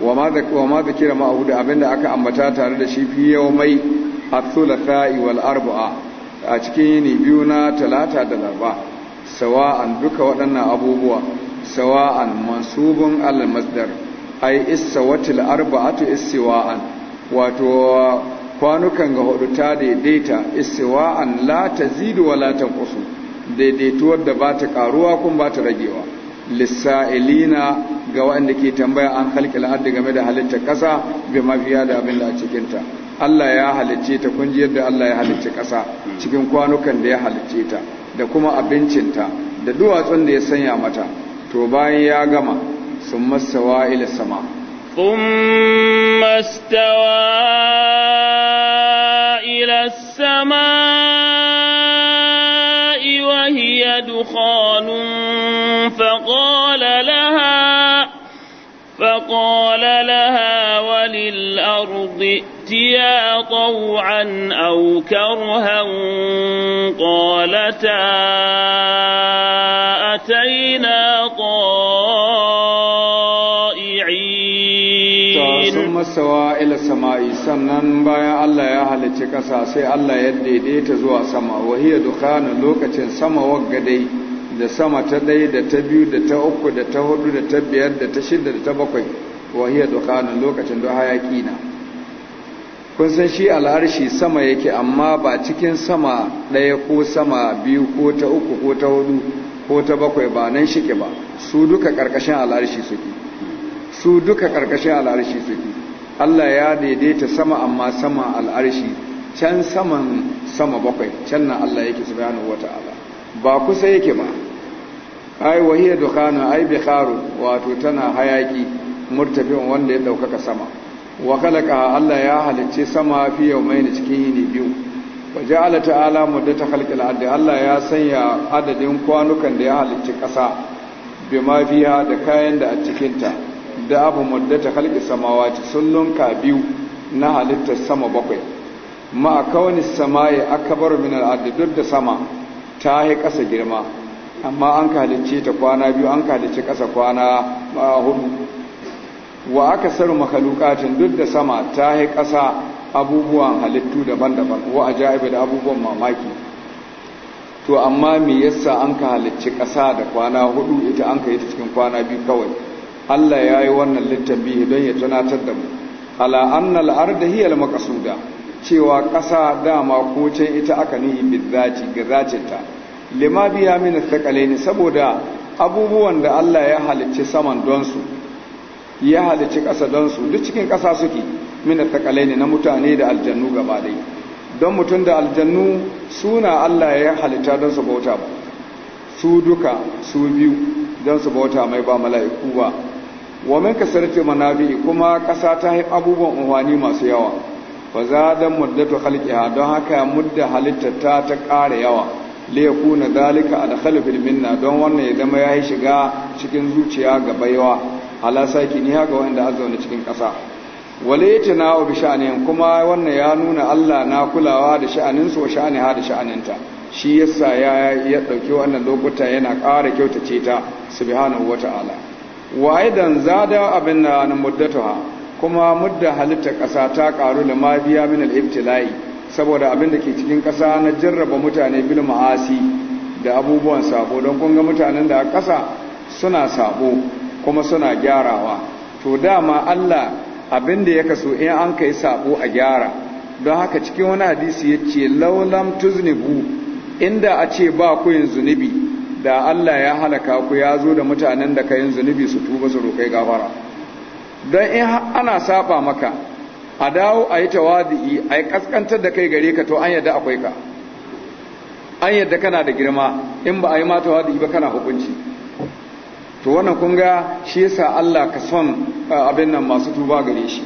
wa ma da wa ma zakira ma abin da aka ambata tare da shi fi yawmai athulathai wal arba'a a cikin yini biyu na talata da larba sawa'an duka waɗannan abubuwa sawa'an mansubun al masdar ai issawatil arba'atu istiwa'an wato kwanukan ga hudu ta daidaita isiwaan la tazidu wa la tanqusu daidaituwar da ba ta karuwa kuma ba ta ragewa lissa'ilina ga waɗanda ke tambaya an halki la'adda game da halitta ƙasa bi mafiya da abin da a cikinta Allah ya halicce ta kun ji yadda Allah ya halicce ƙasa cikin kwanukan da ya halicce ta da kuma abincinta da duwatsun da ya sanya mata to bayan ya gama sun masawa ila sama ثم استوى إلى يأتيا طوعا أو كرها قالتا أتينا طائعين ثم سوى إلى السماء سنن بايا الله يا أهل تكسا سي الله يدي دي تزوى sama وهي دخان لوكة sama وقدي da sama ta ɗaya da ta biyu da ta uku da ta hudu da ta biyar da ta shida da ta bakwai wahiyar dukkanin lokacin don hayaki na kun san shi al'arshi sama yake amma ba cikin sama ɗaya ko sama biyu ko ta uku ko ta hudu ko ta bakwai ba nan shike ba su duka ƙarƙashin al'arshi suke su duka ƙarƙashin al'arshi suke Allah ya daidaita sama amma sama al'arshi can saman sama bakwai can na Allah yake wata ala ba kusa yake ba ai wahiyar dukkanin ai bikharu wato tana hayaki murtafin wanda ya ɗaukaka sama wa khalaqa Allah ya halicce sama fi yawmayn cikin yini biyu wa ja'ala ta'ala muddata khalqil ardi Allah ya sanya adadin kwanukan da ya kasa ƙasa ma fiha da kayan da a cikin ta da abu muddata khalqi samawati sunnun ka biyu na halittar sama bakwai ma kauni samai akbar min al-ardi duk da sama ta yi kasa girma amma an halicce ta kwana biyu an halicce ƙasa kwana ah, hudu wa aka saru makalukatin duk da sama ta yi ƙasa abubuwan halittu daban-daban wa a ja'ibe da abubuwan mamaki to amma me yasa an ka halicci ƙasa da kwana hudu ita an ka yi ta cikin kwana biyu kawai Allah ya yi wannan biyu don ya tunatar da mu ala annal da hiya al maqsuda cewa ƙasa dama ko can ita aka nihi bizaci ga zacinta lima biya min thaqalaini saboda abubuwan da Allah ya halicci saman don su ya halici ƙasa don su duk cikin ƙasa suke mina takalai ne na mutane da aljannu gaba dai don mutum da aljannu suna Allah ya halitta don su bauta ba su duka su biyu don su bauta mai ba mala'iku ba wa min kasarti manabi kuma ƙasa ta yi abubuwan unhwani masu yawa fa ta muddatu khalqiha don haka mudda halitta ta ta ƙara yawa li yakuna zalika adkhalu minna don wannan ya zama yayi shiga cikin zuciya gaba yawa ala saki ni ga wanda an zaune cikin ƙasa wale yace na bi sha'anin kuma wannan ya nuna Allah na kulawa da sha'anin su wa sha'ani ha da sha'aninta shi yasa ya ya dauki wannan lokuta yana ƙara kyautace ta subhanahu wata'ala wa aidan zada abin na muddatuha kuma mudda halitta ƙasa ta karu da ma biya min al-ibtila'i saboda abin da ke cikin ƙasa na jarraba mutane bil ma'asi da abubuwan sabo don kun ga mutanen da kasa ƙasa suna sabo kuma suna gyarawa to dama Allah abin da ya kaso in an kai sabo a gyara don haka cikin wani hadisi ya ce laulam tuznibu inda a ce ba ku yin zunubi da Allah ya halaka ku ya zo da mutanen da ka yin zunubi su tuba su roƙai gafara don in ana saba maka a dawo a yi tawadi'i a yi kaskantar da kai gare ka to an yadda akwai ka an yadda kana da girma in ba a yi ma tawadi'i ba kana hukunci to wannan kun ga shi yasa Allah ka son uh, abin nan masu tuba gare shi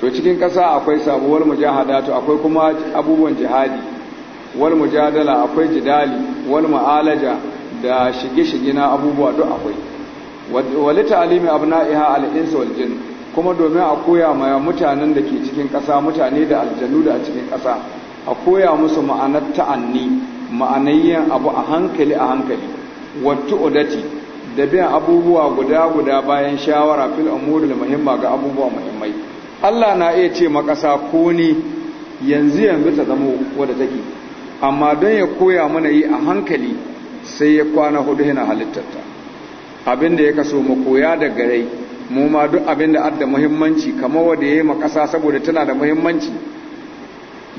to cikin ƙasa akwai sabuwar mujahada to akwai kuma abubuwan jihadi wal mujadala akwai jidali wal mu'alaja da shige-shige na abubuwa duk akwai walita alimi abna'iha al-insu wal jin kuma domin a koya ma mutanen da ke cikin ƙasa mutane da aljannu da a cikin ƙasa a koya musu ma'anar ta'anni ma'anayyan abu a hankali a hankali wattu odati da biyan abubuwa guda guda bayan shawara fil da muhimma ga abubuwa muhimmai Allah na iya ce makasa ko ni yanzu yanzu ta zama wadda take amma don ya koya mana yi a hankali sai ya kwana hudu yana halittarta abinda ya kaso mu koya da gare mu ma duk abinda adda muhimmanci kamar wanda yayi makasa saboda tana da muhimmanci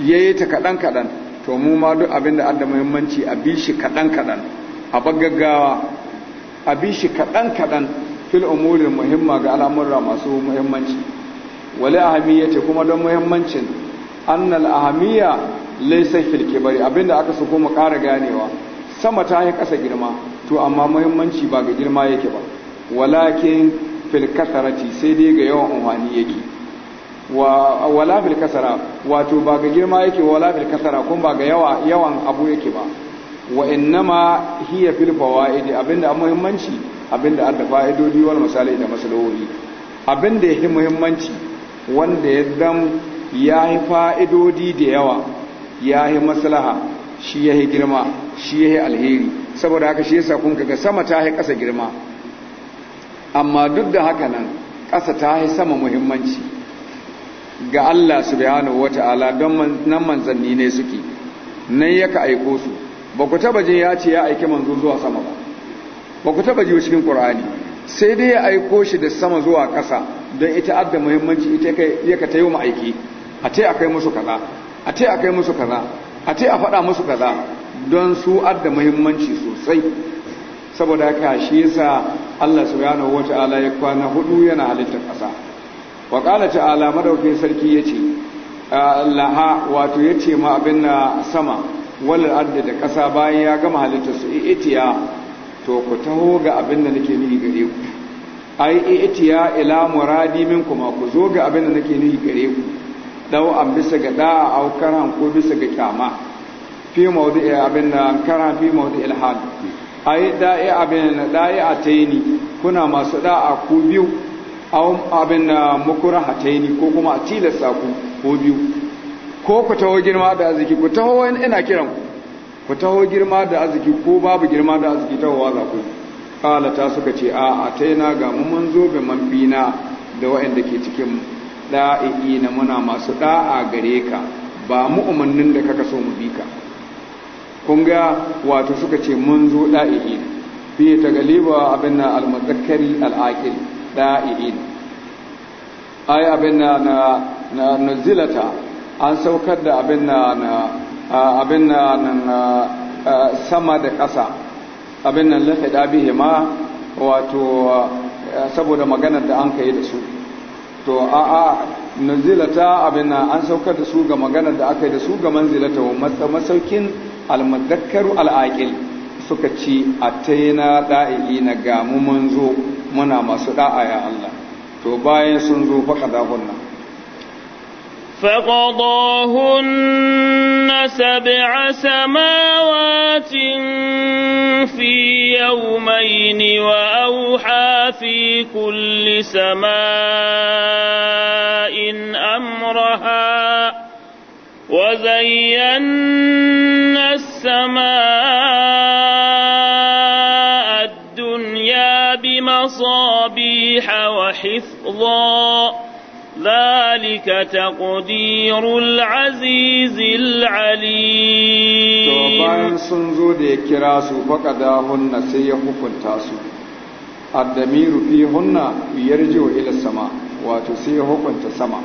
yayi ta kadan kadan to mu ma duk abinda adda muhimmanci a bi shi kaɗan kadan a baggaggawa a bi shi kaɗan kaɗan fil umurin muhimma ga al'amurra masu muhimmanci wale ahamiyyati kuma don muhimmancin annal ahamiyya laysa fil kibari abinda aka su kuma ƙara ganewa sama ta yi ƙasa girma to amma muhimmanci ba ga girma yake ba walakin fil kasarati sai dai ga yawan amfani yake wa wala fil kasara wato ba ga girma yake wala fil kasara kuma ba ga yawa yawan abu yake ba wa innama hiya fil fawaidi abinda an muhimmanci abinda an fa'idodi wal misali da masalahohi abinda yake muhimmanci wanda ya ya yayi fa'idodi da yawa yayi maslaha shi yayi girma shi yayi alheri saboda haka shi yasa kun kaga sama ta yi kasa girma amma duk da haka nan kasa ta yi sama muhimmanci ga Allah subhanahu wataala don nan manzanni ne suke nan yaka aiko su ba ku taba jin ya ce ya aiki manzo zuwa sama ba ba ku taba jiwo cikin qur'ani sai dai ya aiko shi da sama zuwa ƙasa don ita adda muhimmanci ita ya ka tayo aiki a ce akai musu kaza a ce akai musu kaza a ce a faɗa musu kaza don su adda muhimmanci sosai saboda ka shi yasa Allah subhanahu wata'ala ya kwana hudu yana halittar ƙasa wa qala ta'ala madaukin sarki yace laha wato yace ma abin na sama walar arda da ƙasa bayan ya gama halitta su itiya to ku taho ga abin da nake nihi gare ku ai itiya ila muradi min kuma ku zo ga abin da nake nihi gare ku dau an bisa ga da au karan ko bisa ga kyama fi mawdu'i abin da karan fi mawdu'i ilhad ai da'i abin da da'i ataini kuna masu da'a ku biyu au abin da mukura hataini ko kuma a tilasta ku ko biyu ko ku taho girma da arziki ku taho wani ina kiran ku ku taho girma da arziki ko babu girma da arziki ta wa ku kala ta suka ce a a taina ga mu mun zo bi man bina da waɗanda ke cikin da'i na muna masu da'a gare ka ba mu umannin da kaka so mu bi ka kun ga wato suka ce mun zo da'i fi ta galiba abin na almazakkari al'aqil da'i ai abin na na nuzilata an saukar da abin na sama da ƙasa abin nan lafi ɗabihe ma wato saboda maganar da an ka yi da su to a a nazilata abin na an saukar da su ga maganar da aka yi da su ga manzilata wa masaukin almadakkaru al'aƙil suka ci a ta yi na ɗa'i'i na gamu manzo muna masu ɗa'a ya Allah to bayan sun zo da dahunna فقضاهن سبع سماوات في يومين وأوحى في كل سماء أمرها وزينا السماء الدنيا بمصابيح وحفظا ذلika taqdirul azizil alim to sun zo da ya kira su faqadahunna sai ya hukunta su addamiru fi hunna yarji'u ila sama wato sai ya hukunta sama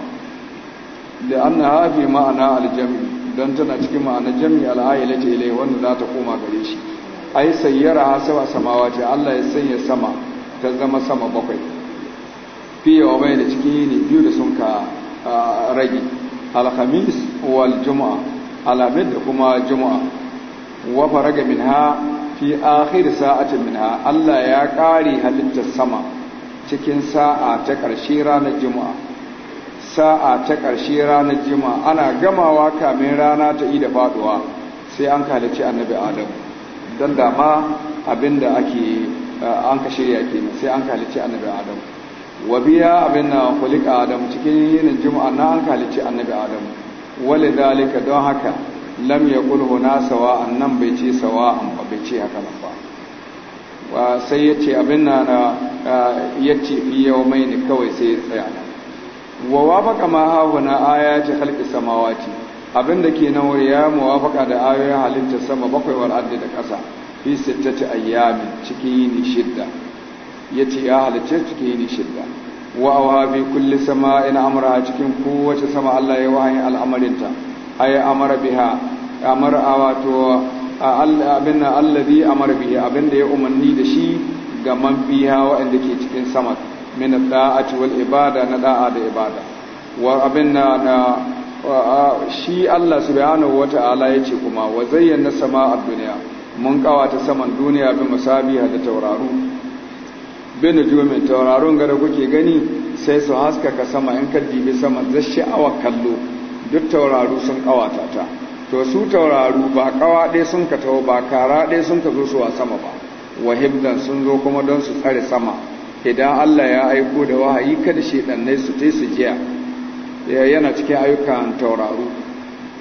da anna hafi ma'ana aljami don tana cikin ma'ana jami al'ayyala ce ilai wanda za ta koma gare shi ai sayyara hasawa samawa ce Allah ya sanya sama ta zama sama bakwai fiye wa mai da cikin yini biyu da sun ka rage alhamis wal juma'a alamin da kuma juma'a wa faraga min ha fi akhir sa'atin min ha Allah ya kari halittar sama cikin sa'a ta ƙarshe ranar juma'a sa'a ta karshe ranar juma'a ana gamawa kamin rana ta ida faduwa sai an kalici annabi adam don dama abinda ake an ka shirya kenan sai an kalici annabi adam wa biya abin na kulika adam cikin yinin juma'a na an halicci annabi adam wale dalika don haka lam ya kulhu na sawa annan bai ce sawa an ba bai ce haka nan ba sai ya ce abin na na ah, ya ce fi mai ne kawai sai ya tsaya nan wa wafaka ma hahu na aya ce halki samawati abin da ke na wuri ya muwafaka da ayoyin halittar sama bakwai wal'adda da ƙasa fi sittati ayyami cikin yini shidda ya ce ya halice cikin ni shidda wa bi kulli sama amra cikin kowace sama Allah ya wahayi al'amarinta ay amara biha amara wato abin alladhi amara bihi abinda ya umarni da shi ga man biha wa'anda ke cikin sama min da'ati wal ibada na da'a da ibada wa abin na shi Allah subhanahu wata'ala yace kuma wa zayyana sama'a ad-dunya mun kawata saman duniya bi musabiha da tauraru jiwa mai tauraron gada kuke gani sai su haskaka sama in ka jibi sama zai sha'awa kallo duk tauraru sun kawata ta to su tauraru ba kawa ɗaya sun ka tawo ba kara ɗaya sun ka zo suwa sama ba wahibdan sun zo kuma don su tsare sama idan Allah ya aiko da wahayi kada shedannai su tai su jiya yana cikin ayyukan tauraru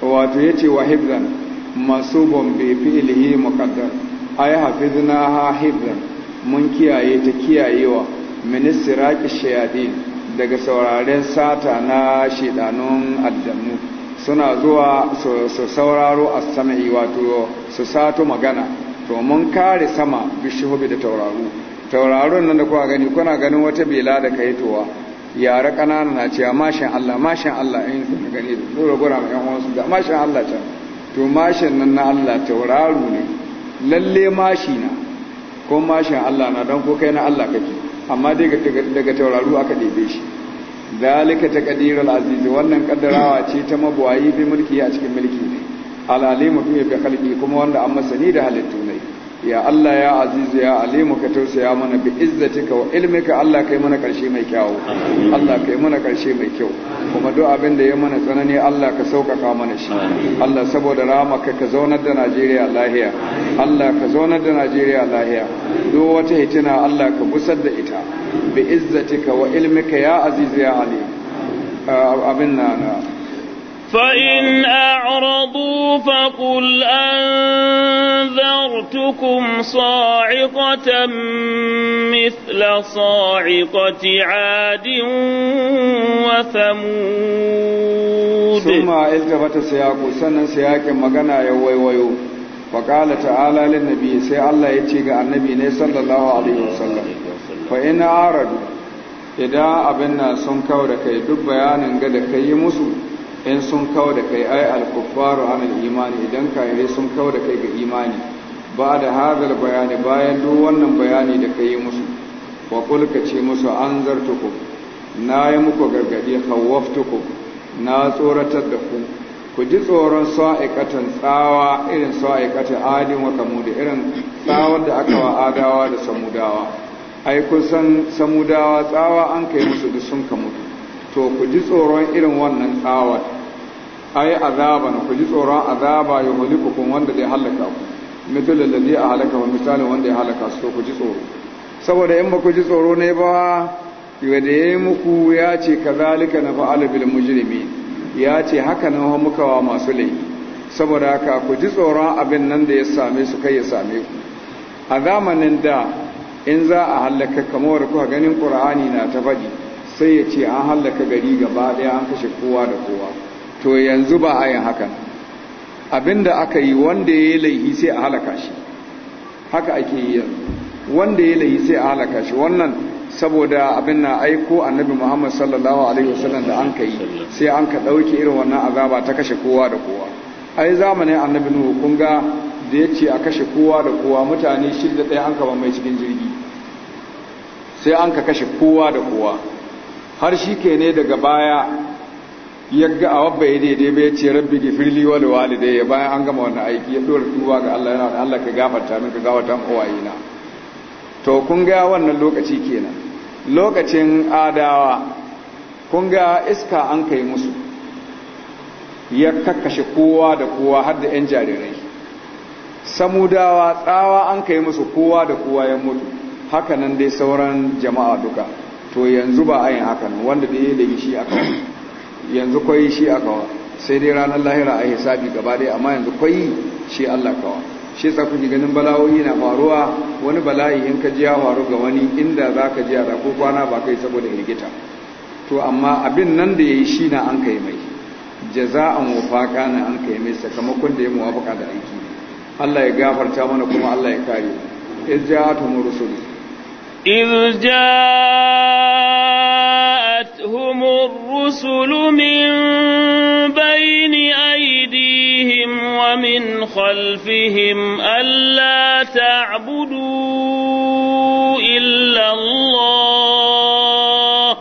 wato yace wahibdan masu masubun bi fi'lihi muqaddar ay hafizna ha hibdan mun kiyaye ta kiyayewa ki shayadin daga sauraren sata na shidanun aljannu suna zuwa su sauraro a sama'i wato su sato magana to mun kare sama bishihobi da tauraro tauraron nan da kuwa gani kuna ganin wata bela da ka hitowa yare ƙanana na cewa mashin Allah mashin Allah in su gani da zura gura mai yan wasu da mashin Allah can to mashin nan na Allah tauraro ne lalle mashi na ko mashin Allah na don ko kai na Allah kake amma daga tauraru aka ɗebe shi dalika taqdirul aziz wannan kaddarawa ce ta mabuwayi bi mulki a cikin mulki ne alalimu fi bi khalqi kuma wanda an masani da halittu ya Allah ya azizu ya alimu ka tausaya mana bi izzatika wa ilmika Allah kai mana karshe mai kyau Allah kai mana karshe mai kyau kuma duk abin da ya mana tsanani Allah ka sauƙaƙa mana shi Allah saboda ramaka ka zaunar da Najeriya lahiya Allah ka zaunar da Najeriya lahiya duk wata hitina Allah ka busar da ita bi izzatika wa ilmika ya azizu ya alim abin na فإن أعرضوا فقل أنذرتكم صاعقة مثل صاعقة عاد وثمود ثم التفت السياق سنة سياق مغنى يوي ويو فقال تعالى للنبي سي الله يتيغ النبي صلى الله عليه وسلم فإن أعرضوا إذا أبنا سنكو لكي دب بيانا قد كي مسلم in sun kawo da kai ai al-kuffaru imani idan kafirai sun kawo da kai ga imani ba da hadal bayani bayan duk wannan bayani da kai musu wa qul ka ce musu an zartuku na yi muku gargadi khawwaftukum na tsoratar da ku ku ji tsoron sa'iqatan tsawa irin sa'aikatan adin wa kamudi irin tsawar da aka wa adawa da samudawa ai kun san samudawa tsawa an kai musu duk sun kamutu to ku ji tsoron irin wannan tsawar ai na ku ji tsoron azaba ya hulikukum wanda zai halaka ku mitul a halaka wa misalin wanda ya halaka su ku ji tsoro saboda in ba ku ji tsoro ne ba wanda yi muku ya ce kazalika na ba bil mujrimin ya ce haka wa muka wa masu laifi saboda haka ku ji tsoron abin nan da ya same su kai ya same ku a zamanin da in za a halaka kamar kuka ganin ƙur'ani na ta faɗi sai ya ce an hallaka gari gaba daya an kashe kowa da kowa to yanzu ba a yin hakan abinda aka yi wanda ya yi laihi sai a halaka shi haka ake yi yanzu wanda ya laihi sai a halaka shi wannan saboda abin na aiko annabi muhammad sallallahu alaihi wasallam da an ka yi sai an ka ɗauke irin wannan azaba ta kashe kowa da kowa ai zamanin annabi nuhu kun ga da ya ce a kashe kowa da kowa mutane da ɗaya an ka mai cikin jirgi sai an ka kashe kowa da kowa har shi ke ne daga baya yagga a wabba ya daidai bai ce rabbi gifirli wal ya bayan an gama wannan aiki ya dora tuba ga Allah yana da Allah ka gafarta min ka gafarta min uwaye na to kun ga wannan lokaci kenan lokacin adawa kun ga iska an kai musu ya kakkashe kowa da kowa har da yan jarirai samudawa tsawa an kai musu kowa da kowa ya mutu hakanan dai sauran jama'a duka to yanzu ba a yin hakan wanda da ya da shi aka yanzu kwai shi aka wa sai dai ranar lahira a hisabi gaba dai amma yanzu kwai shi Allah kawa shi sa ganin bala'o'i na faruwa wani bala'i in ka ji ya faru ga wani inda za ka ji kwana ba kai saboda hirgita to amma abin nan da ya yi shi na an kai mai a na an kai mai sakamakon da ya muwafaka da aiki Allah ya gafarta mana kuma Allah ya kare in إذ جاءتهم الرسل من بين أيديهم ومن خلفهم ألا تعبدوا إلا الله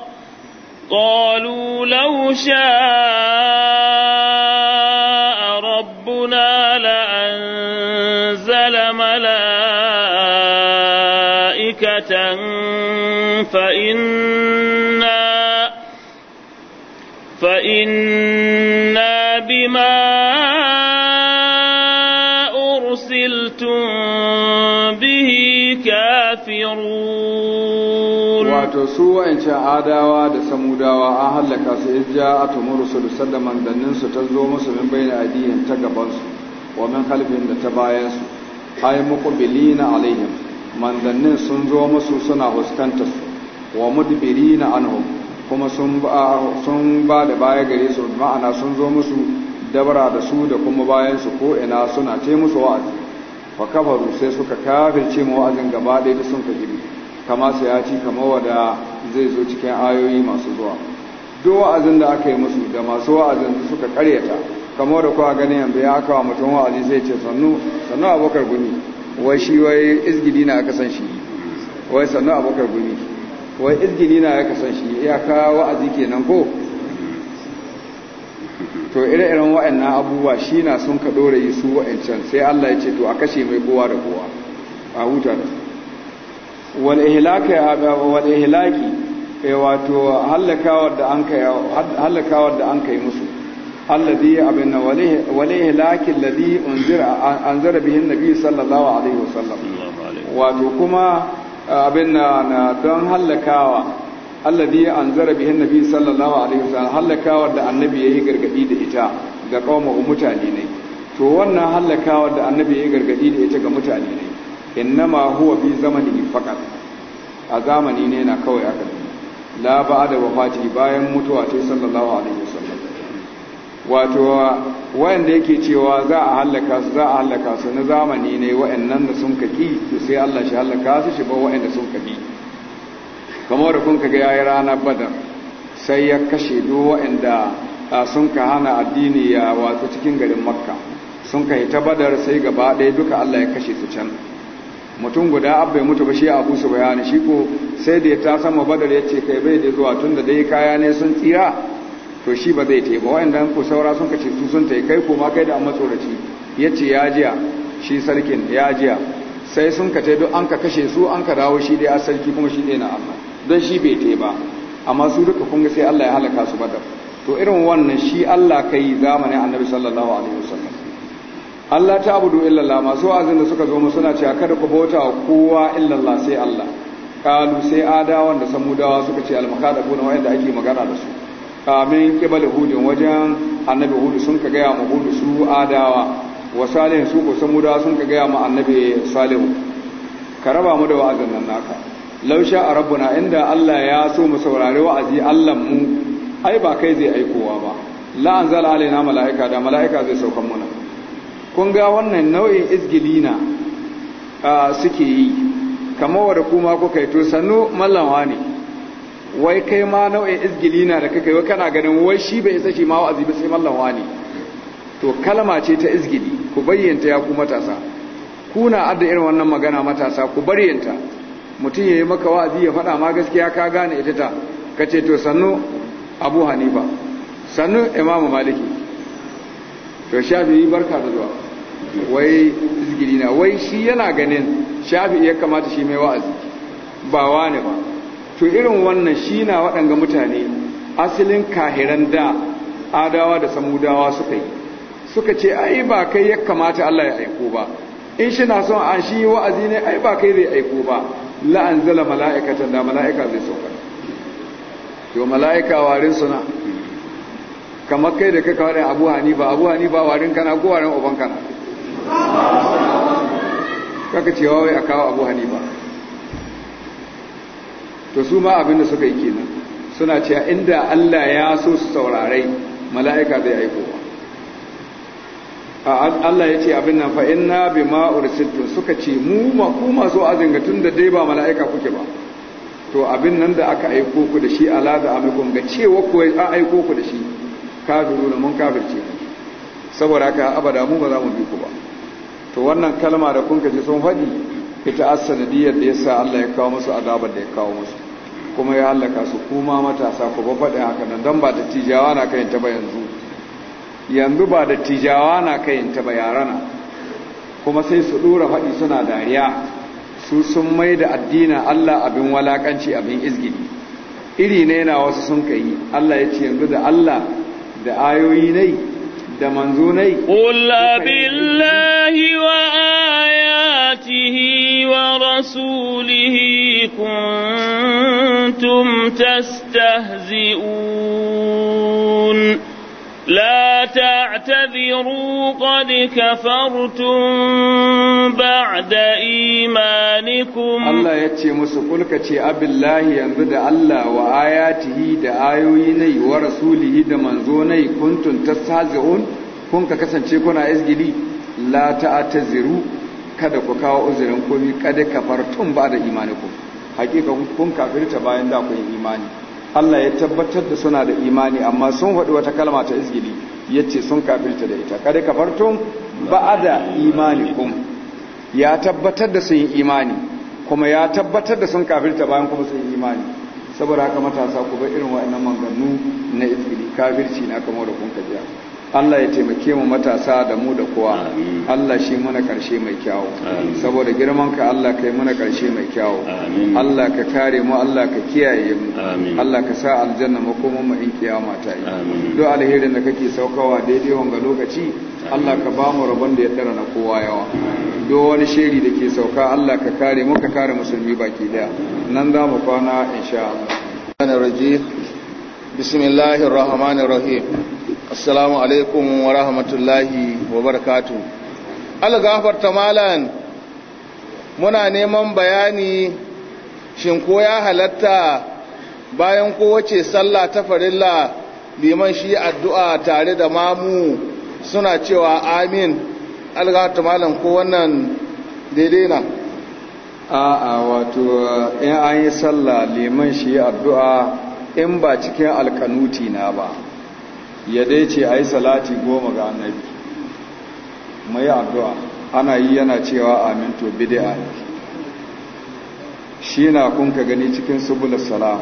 قالوا لو شاء ربنا لأنزل ملائكة ملائكة فإنا فإنا بما أرسلتم به كافرون واتو إن شاء آداوا دسمو داوا آهل لك سيجا أتمو رسول سلم أن دننس تزومس من بين أيديهم تقبنس ومن خلفهم تبايس هاي مقبلين عليهم manzannin sun zo musu suna huskanta su wa mudbiri na anhum kuma sun ba da baya gare su ma'ana sun zo musu dabara da su da kuma bayansu ko ina suna ce musu wa'azi fa kafaru sai suka kafirce ma wa'azin gaba ɗaya da sun kagiri kama su ya ci kama wada zai zo cikin ayoyi masu zuwa duk wa'azin da aka yi musu da masu wa'azin suka karyata kama da kuwa ganin yanzu ya aka wa mutum wa'azi zai ce sannu sannu abokar gumi wai shi wai izgili na aka san shi wai sannu abokar gumi wai izgili na aka san shi ya kawo wa'azi nan ko to ire-iren wa'annan abubuwa shi na sun ka yi su wa'ancan sai Allah ya ce to a kashe mai kowa da kowa a huta da Wani ya eh, wato hallakawar da an ka yi musu لكن abin انذر lakin به النبي صلى الله عليه alaihi واتو wato kuma abin na don hallakawa انذر به النبي صلى الله alaihi وسلم hallakawa da annabi يي gargadi da ita ga kauma mutane ne to wannan hallakawa da annabi yayi gargadi da ita ga mutane ne innama huwa fi zamanihi faqat a zamani ne na kawai aka la ba'da wafati bayan mutuwa ta sallallahu alaihi wasallam wato wayanda yake cewa za a hallaka su za a hallaka su na zamani ne wayannan da sun kaki to sai Allah shi hallaka su shi ba wayanda sun kaki kamar da kun kaga yayi rana badar sai ya kashe do wayanda sun ka hana addini ya wato cikin garin makka sun kai ta badar sai gaba ɗaya duka Allah ya kashe su can mutum guda ya mutu ba shi abu su bayani shi ko sai da ya ta sama badar ya ce kai bai da zuwa tun da dai kaya ne sun tsira to shi ba zai taiba wa'annan ku saura sun kace su sun taimaka kai kuma kai da an matsoraci yace ya jiya shi sarkin ya jiya sai sun kace duk an ka kashe su an ka dawo shi dai a sarki kuma shi dai na Allah don shi bai taiba amma su duka kun ga sai Allah ya halaka su madar to irin wannan shi Allah kai zamanin Annabi sallallahu alaihi wasallam Allah ta abudu illallah masu azin da suka zo mu suna cewa kada ku bauta wa kowa illallah sai Allah kalu sai adawan da samudawa suka ce almakada ko na wanda ake magana da su Kamin kibal hudun wajen annabi hudu sun ka gaya ma hudu su adawa wa salihu su ko samuda sun ka gaya ma annabi salihu ka raba mu da wa'azin nan naka lausha a rabbuna inda Allah ya so mu saurari wa'azi Allah mu ai ba kai zai aikowa ba la anzal alaina malaika da malaika zai saukan muna kun ga wannan nau'in izgilina suke yi kamar wa da kuma kuka yi to sannu mallawa ne wai kai ma nau'in izgili na da kai wai kana ganin wai shi bai isa shi ma wa'azi ba sai mallawa ne to kalma ce ta izgili ku bayyanta ya ku matasa kuna adda irin wannan magana matasa ku baryanta mutum ya yi maka wa'azi ya faɗa ma gaskiya ka gane ita ta kace to sannu Abu Hanifa sannu Imam Maliki to yi barka da zuwa wai izgili na wai shi yana ganin shafi ya kamata shi mai wa'azi ba wani ba to irin wannan shi na waɗanga mutane asalin kahiran da adawa da samudawa suka yi suka ce ai ba kai ya kamata Allah ya aiko ba in shi na son a shi wa'azi ne ai ba kai zai aiko ba la'an zala mala'ikatan da mala'ika zai sauka to mala'ika warin suna kamar kai da kaka warin abu hanifa abu ba warin kana ko warin uban kana kaka cewa wai a kawo abu ba to su ma abin suka yi kenan suna cewa inda Allah ya so su saurare mala'ika zai aikowa Allah ya ce abin nan fa inna bima ursiltum suka ce mu ma ku masu azin ga tunda dai ba mala'ika kuke ba to abin nan da aka aiko ku da shi ala da amikum ga cewa ku an aiko ku da shi ka kafiru da mun kafirce saboda haka abada mu ba za mu bi ku ba to wannan kalma da kun kace sun faɗi ita asanadiyar da ya sa Allah ya kawo musu azabar da ya kawo musu kuma ya halaka su kuma matasa ku ba faɗin haka nan don ba da tijawa na kayan ta ba yanzu yanzu ba da tijawa na kayan ta ba yarana kuma sai su ɗora faɗi suna dariya su sun mai da addina Allah abin walakanci abin izgini iri ne na wasu sun kai Allah ya ce yanzu da Allah da ayoyi nai da manzo nai qul billahi wa آياته ورسوله كنتم تستهزئون لا تعتذروا قد كفرتم بعد إيمانكم الله يتي مسقلك تي أب الله ينبد الله وآياته دا آيويني ورسوله دا منزوني كنتم تستهزئون كنت كسن تيكونا إزجلي لا تعتذروا kada ku kawo uzurin komi kada tun ba da ku hakika kun kafirta bayan da ku yi imani Allah ya tabbatar da suna da imani amma sun faɗi wata kalma ta izgili yace sun kafirta da ita kada tun ba da ku ya tabbatar da sun yi imani kuma ya tabbatar da sun kafirta bayan kuma sun yi imani saboda haka matasa ku bai irin wa'annan manganu na izgili kafirci na kamar da kun kajiya Allah ya taimake mu matasa da mu da kowa Allah shi muna karshe mai kyawu saboda girman ka Allah kai muna karshe mai kyawu Allah ka kare mu Allah ka kiyaye mu Allah ka sa aljanna mu makoman mu in kiyama ta yi duk alherin da kake saukawa daidai wanga lokaci Allah ka ba mu rabon da ya tsara na kowa yawa duk wani shiri da ke sauka Allah ka kare mu ka kare musulmi baki daya nan za mu kwana insha Allah. rahim. assalamu alaikum wa rahmatullahi wa barakatu algafar tamalan muna neman bayani shin ko ya halatta bayan ko wace sallah ta farilla liman shi addu'a tare da mamu suna cewa amin algafar tamalan ko wannan daidai na a'a wato in an yi sallah liman shi addu'a in ba cikin alkanuti na ba ya dai ce a yi salati goma ga annabi mai addu'a ana yi yana cewa amin to bide yi shi na kun ka gani cikin subula salam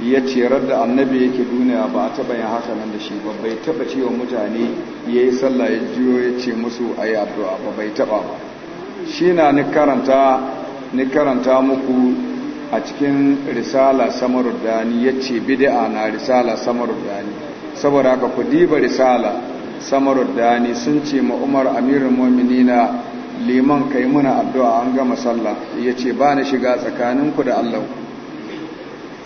ya ce da annabi yake duniya ba a taɓa yin haka nan da shi ba bai taɓa cewa mutane ya yi sallah ya jiyo ya ce musu a yi addu'a ba bai taɓa ba shi na ni karanta muku a cikin risala samaruddani ya ce "Bide a" na risala samaruddani saboda haka ku diba risala da ni sun ce ma umar amirul mu'minina liman kai muna addu'a an gama sallah yace ba na shiga tsakaninku da Allah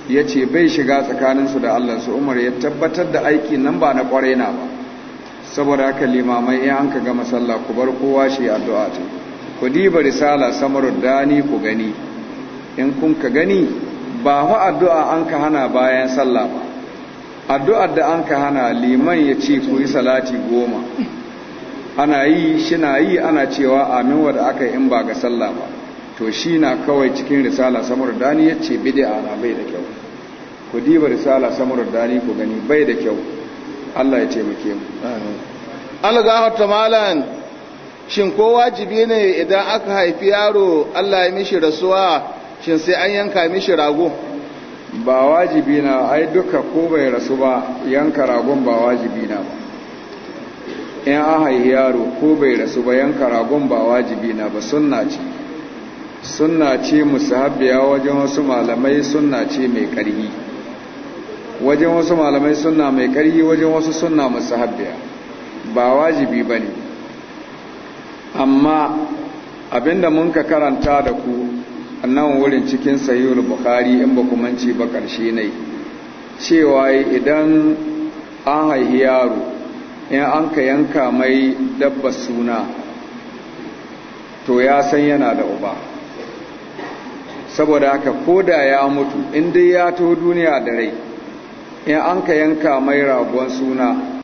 yace bai shiga tsakaninsu da Allah su umar ya tabbatar da aiki nan ba na kwarai na ba saboda haka limamai in eh, an ka gama sallah ku bar kowa shi addu'a ta ku diba risala da ni ku gani in kun ka gani ba fa addu'a an ka hana bayan sallah ba addu'ar da an ka hana liman ya ce ku yi salati goma ana yi shi na yi ana cewa amin wadda aka yi in ba ga sallah ba to shi na kawai cikin risala samurar dani ya ce bidi'a na bai da kyau ku diba risala samurar dani ku gani bai da kyau Allah ya taimake mu algahar malan shin ko wajibi ne idan aka haifi yaro Allah ya mishi rasuwa shin sai an yanka mishi rago ba wajibi na ai duka ko bai rasu ba yanka ragon ba wajibi na ba in a haihi yaro ko bai rasu ba yanka ragon ba wajibi na ba sunna ce sunna ce musahabbiya wajen wasu malamai sunna ce mai ƙarfi wajen wasu malamai sunna mai ƙarfi wajen wasu sunna musahabbiya ba wajibi ba ne amma abinda mun ka karanta da ku annan wurin cikin sayyul bukhari in ba kumanci ba ƙarshe ne cewa idan an haihi yaro in an ka yanka mai dabba suna to ya san yana da uba saboda haka ko da ya mutu in dai ya to duniya da rai in an ka yanka mai ragon suna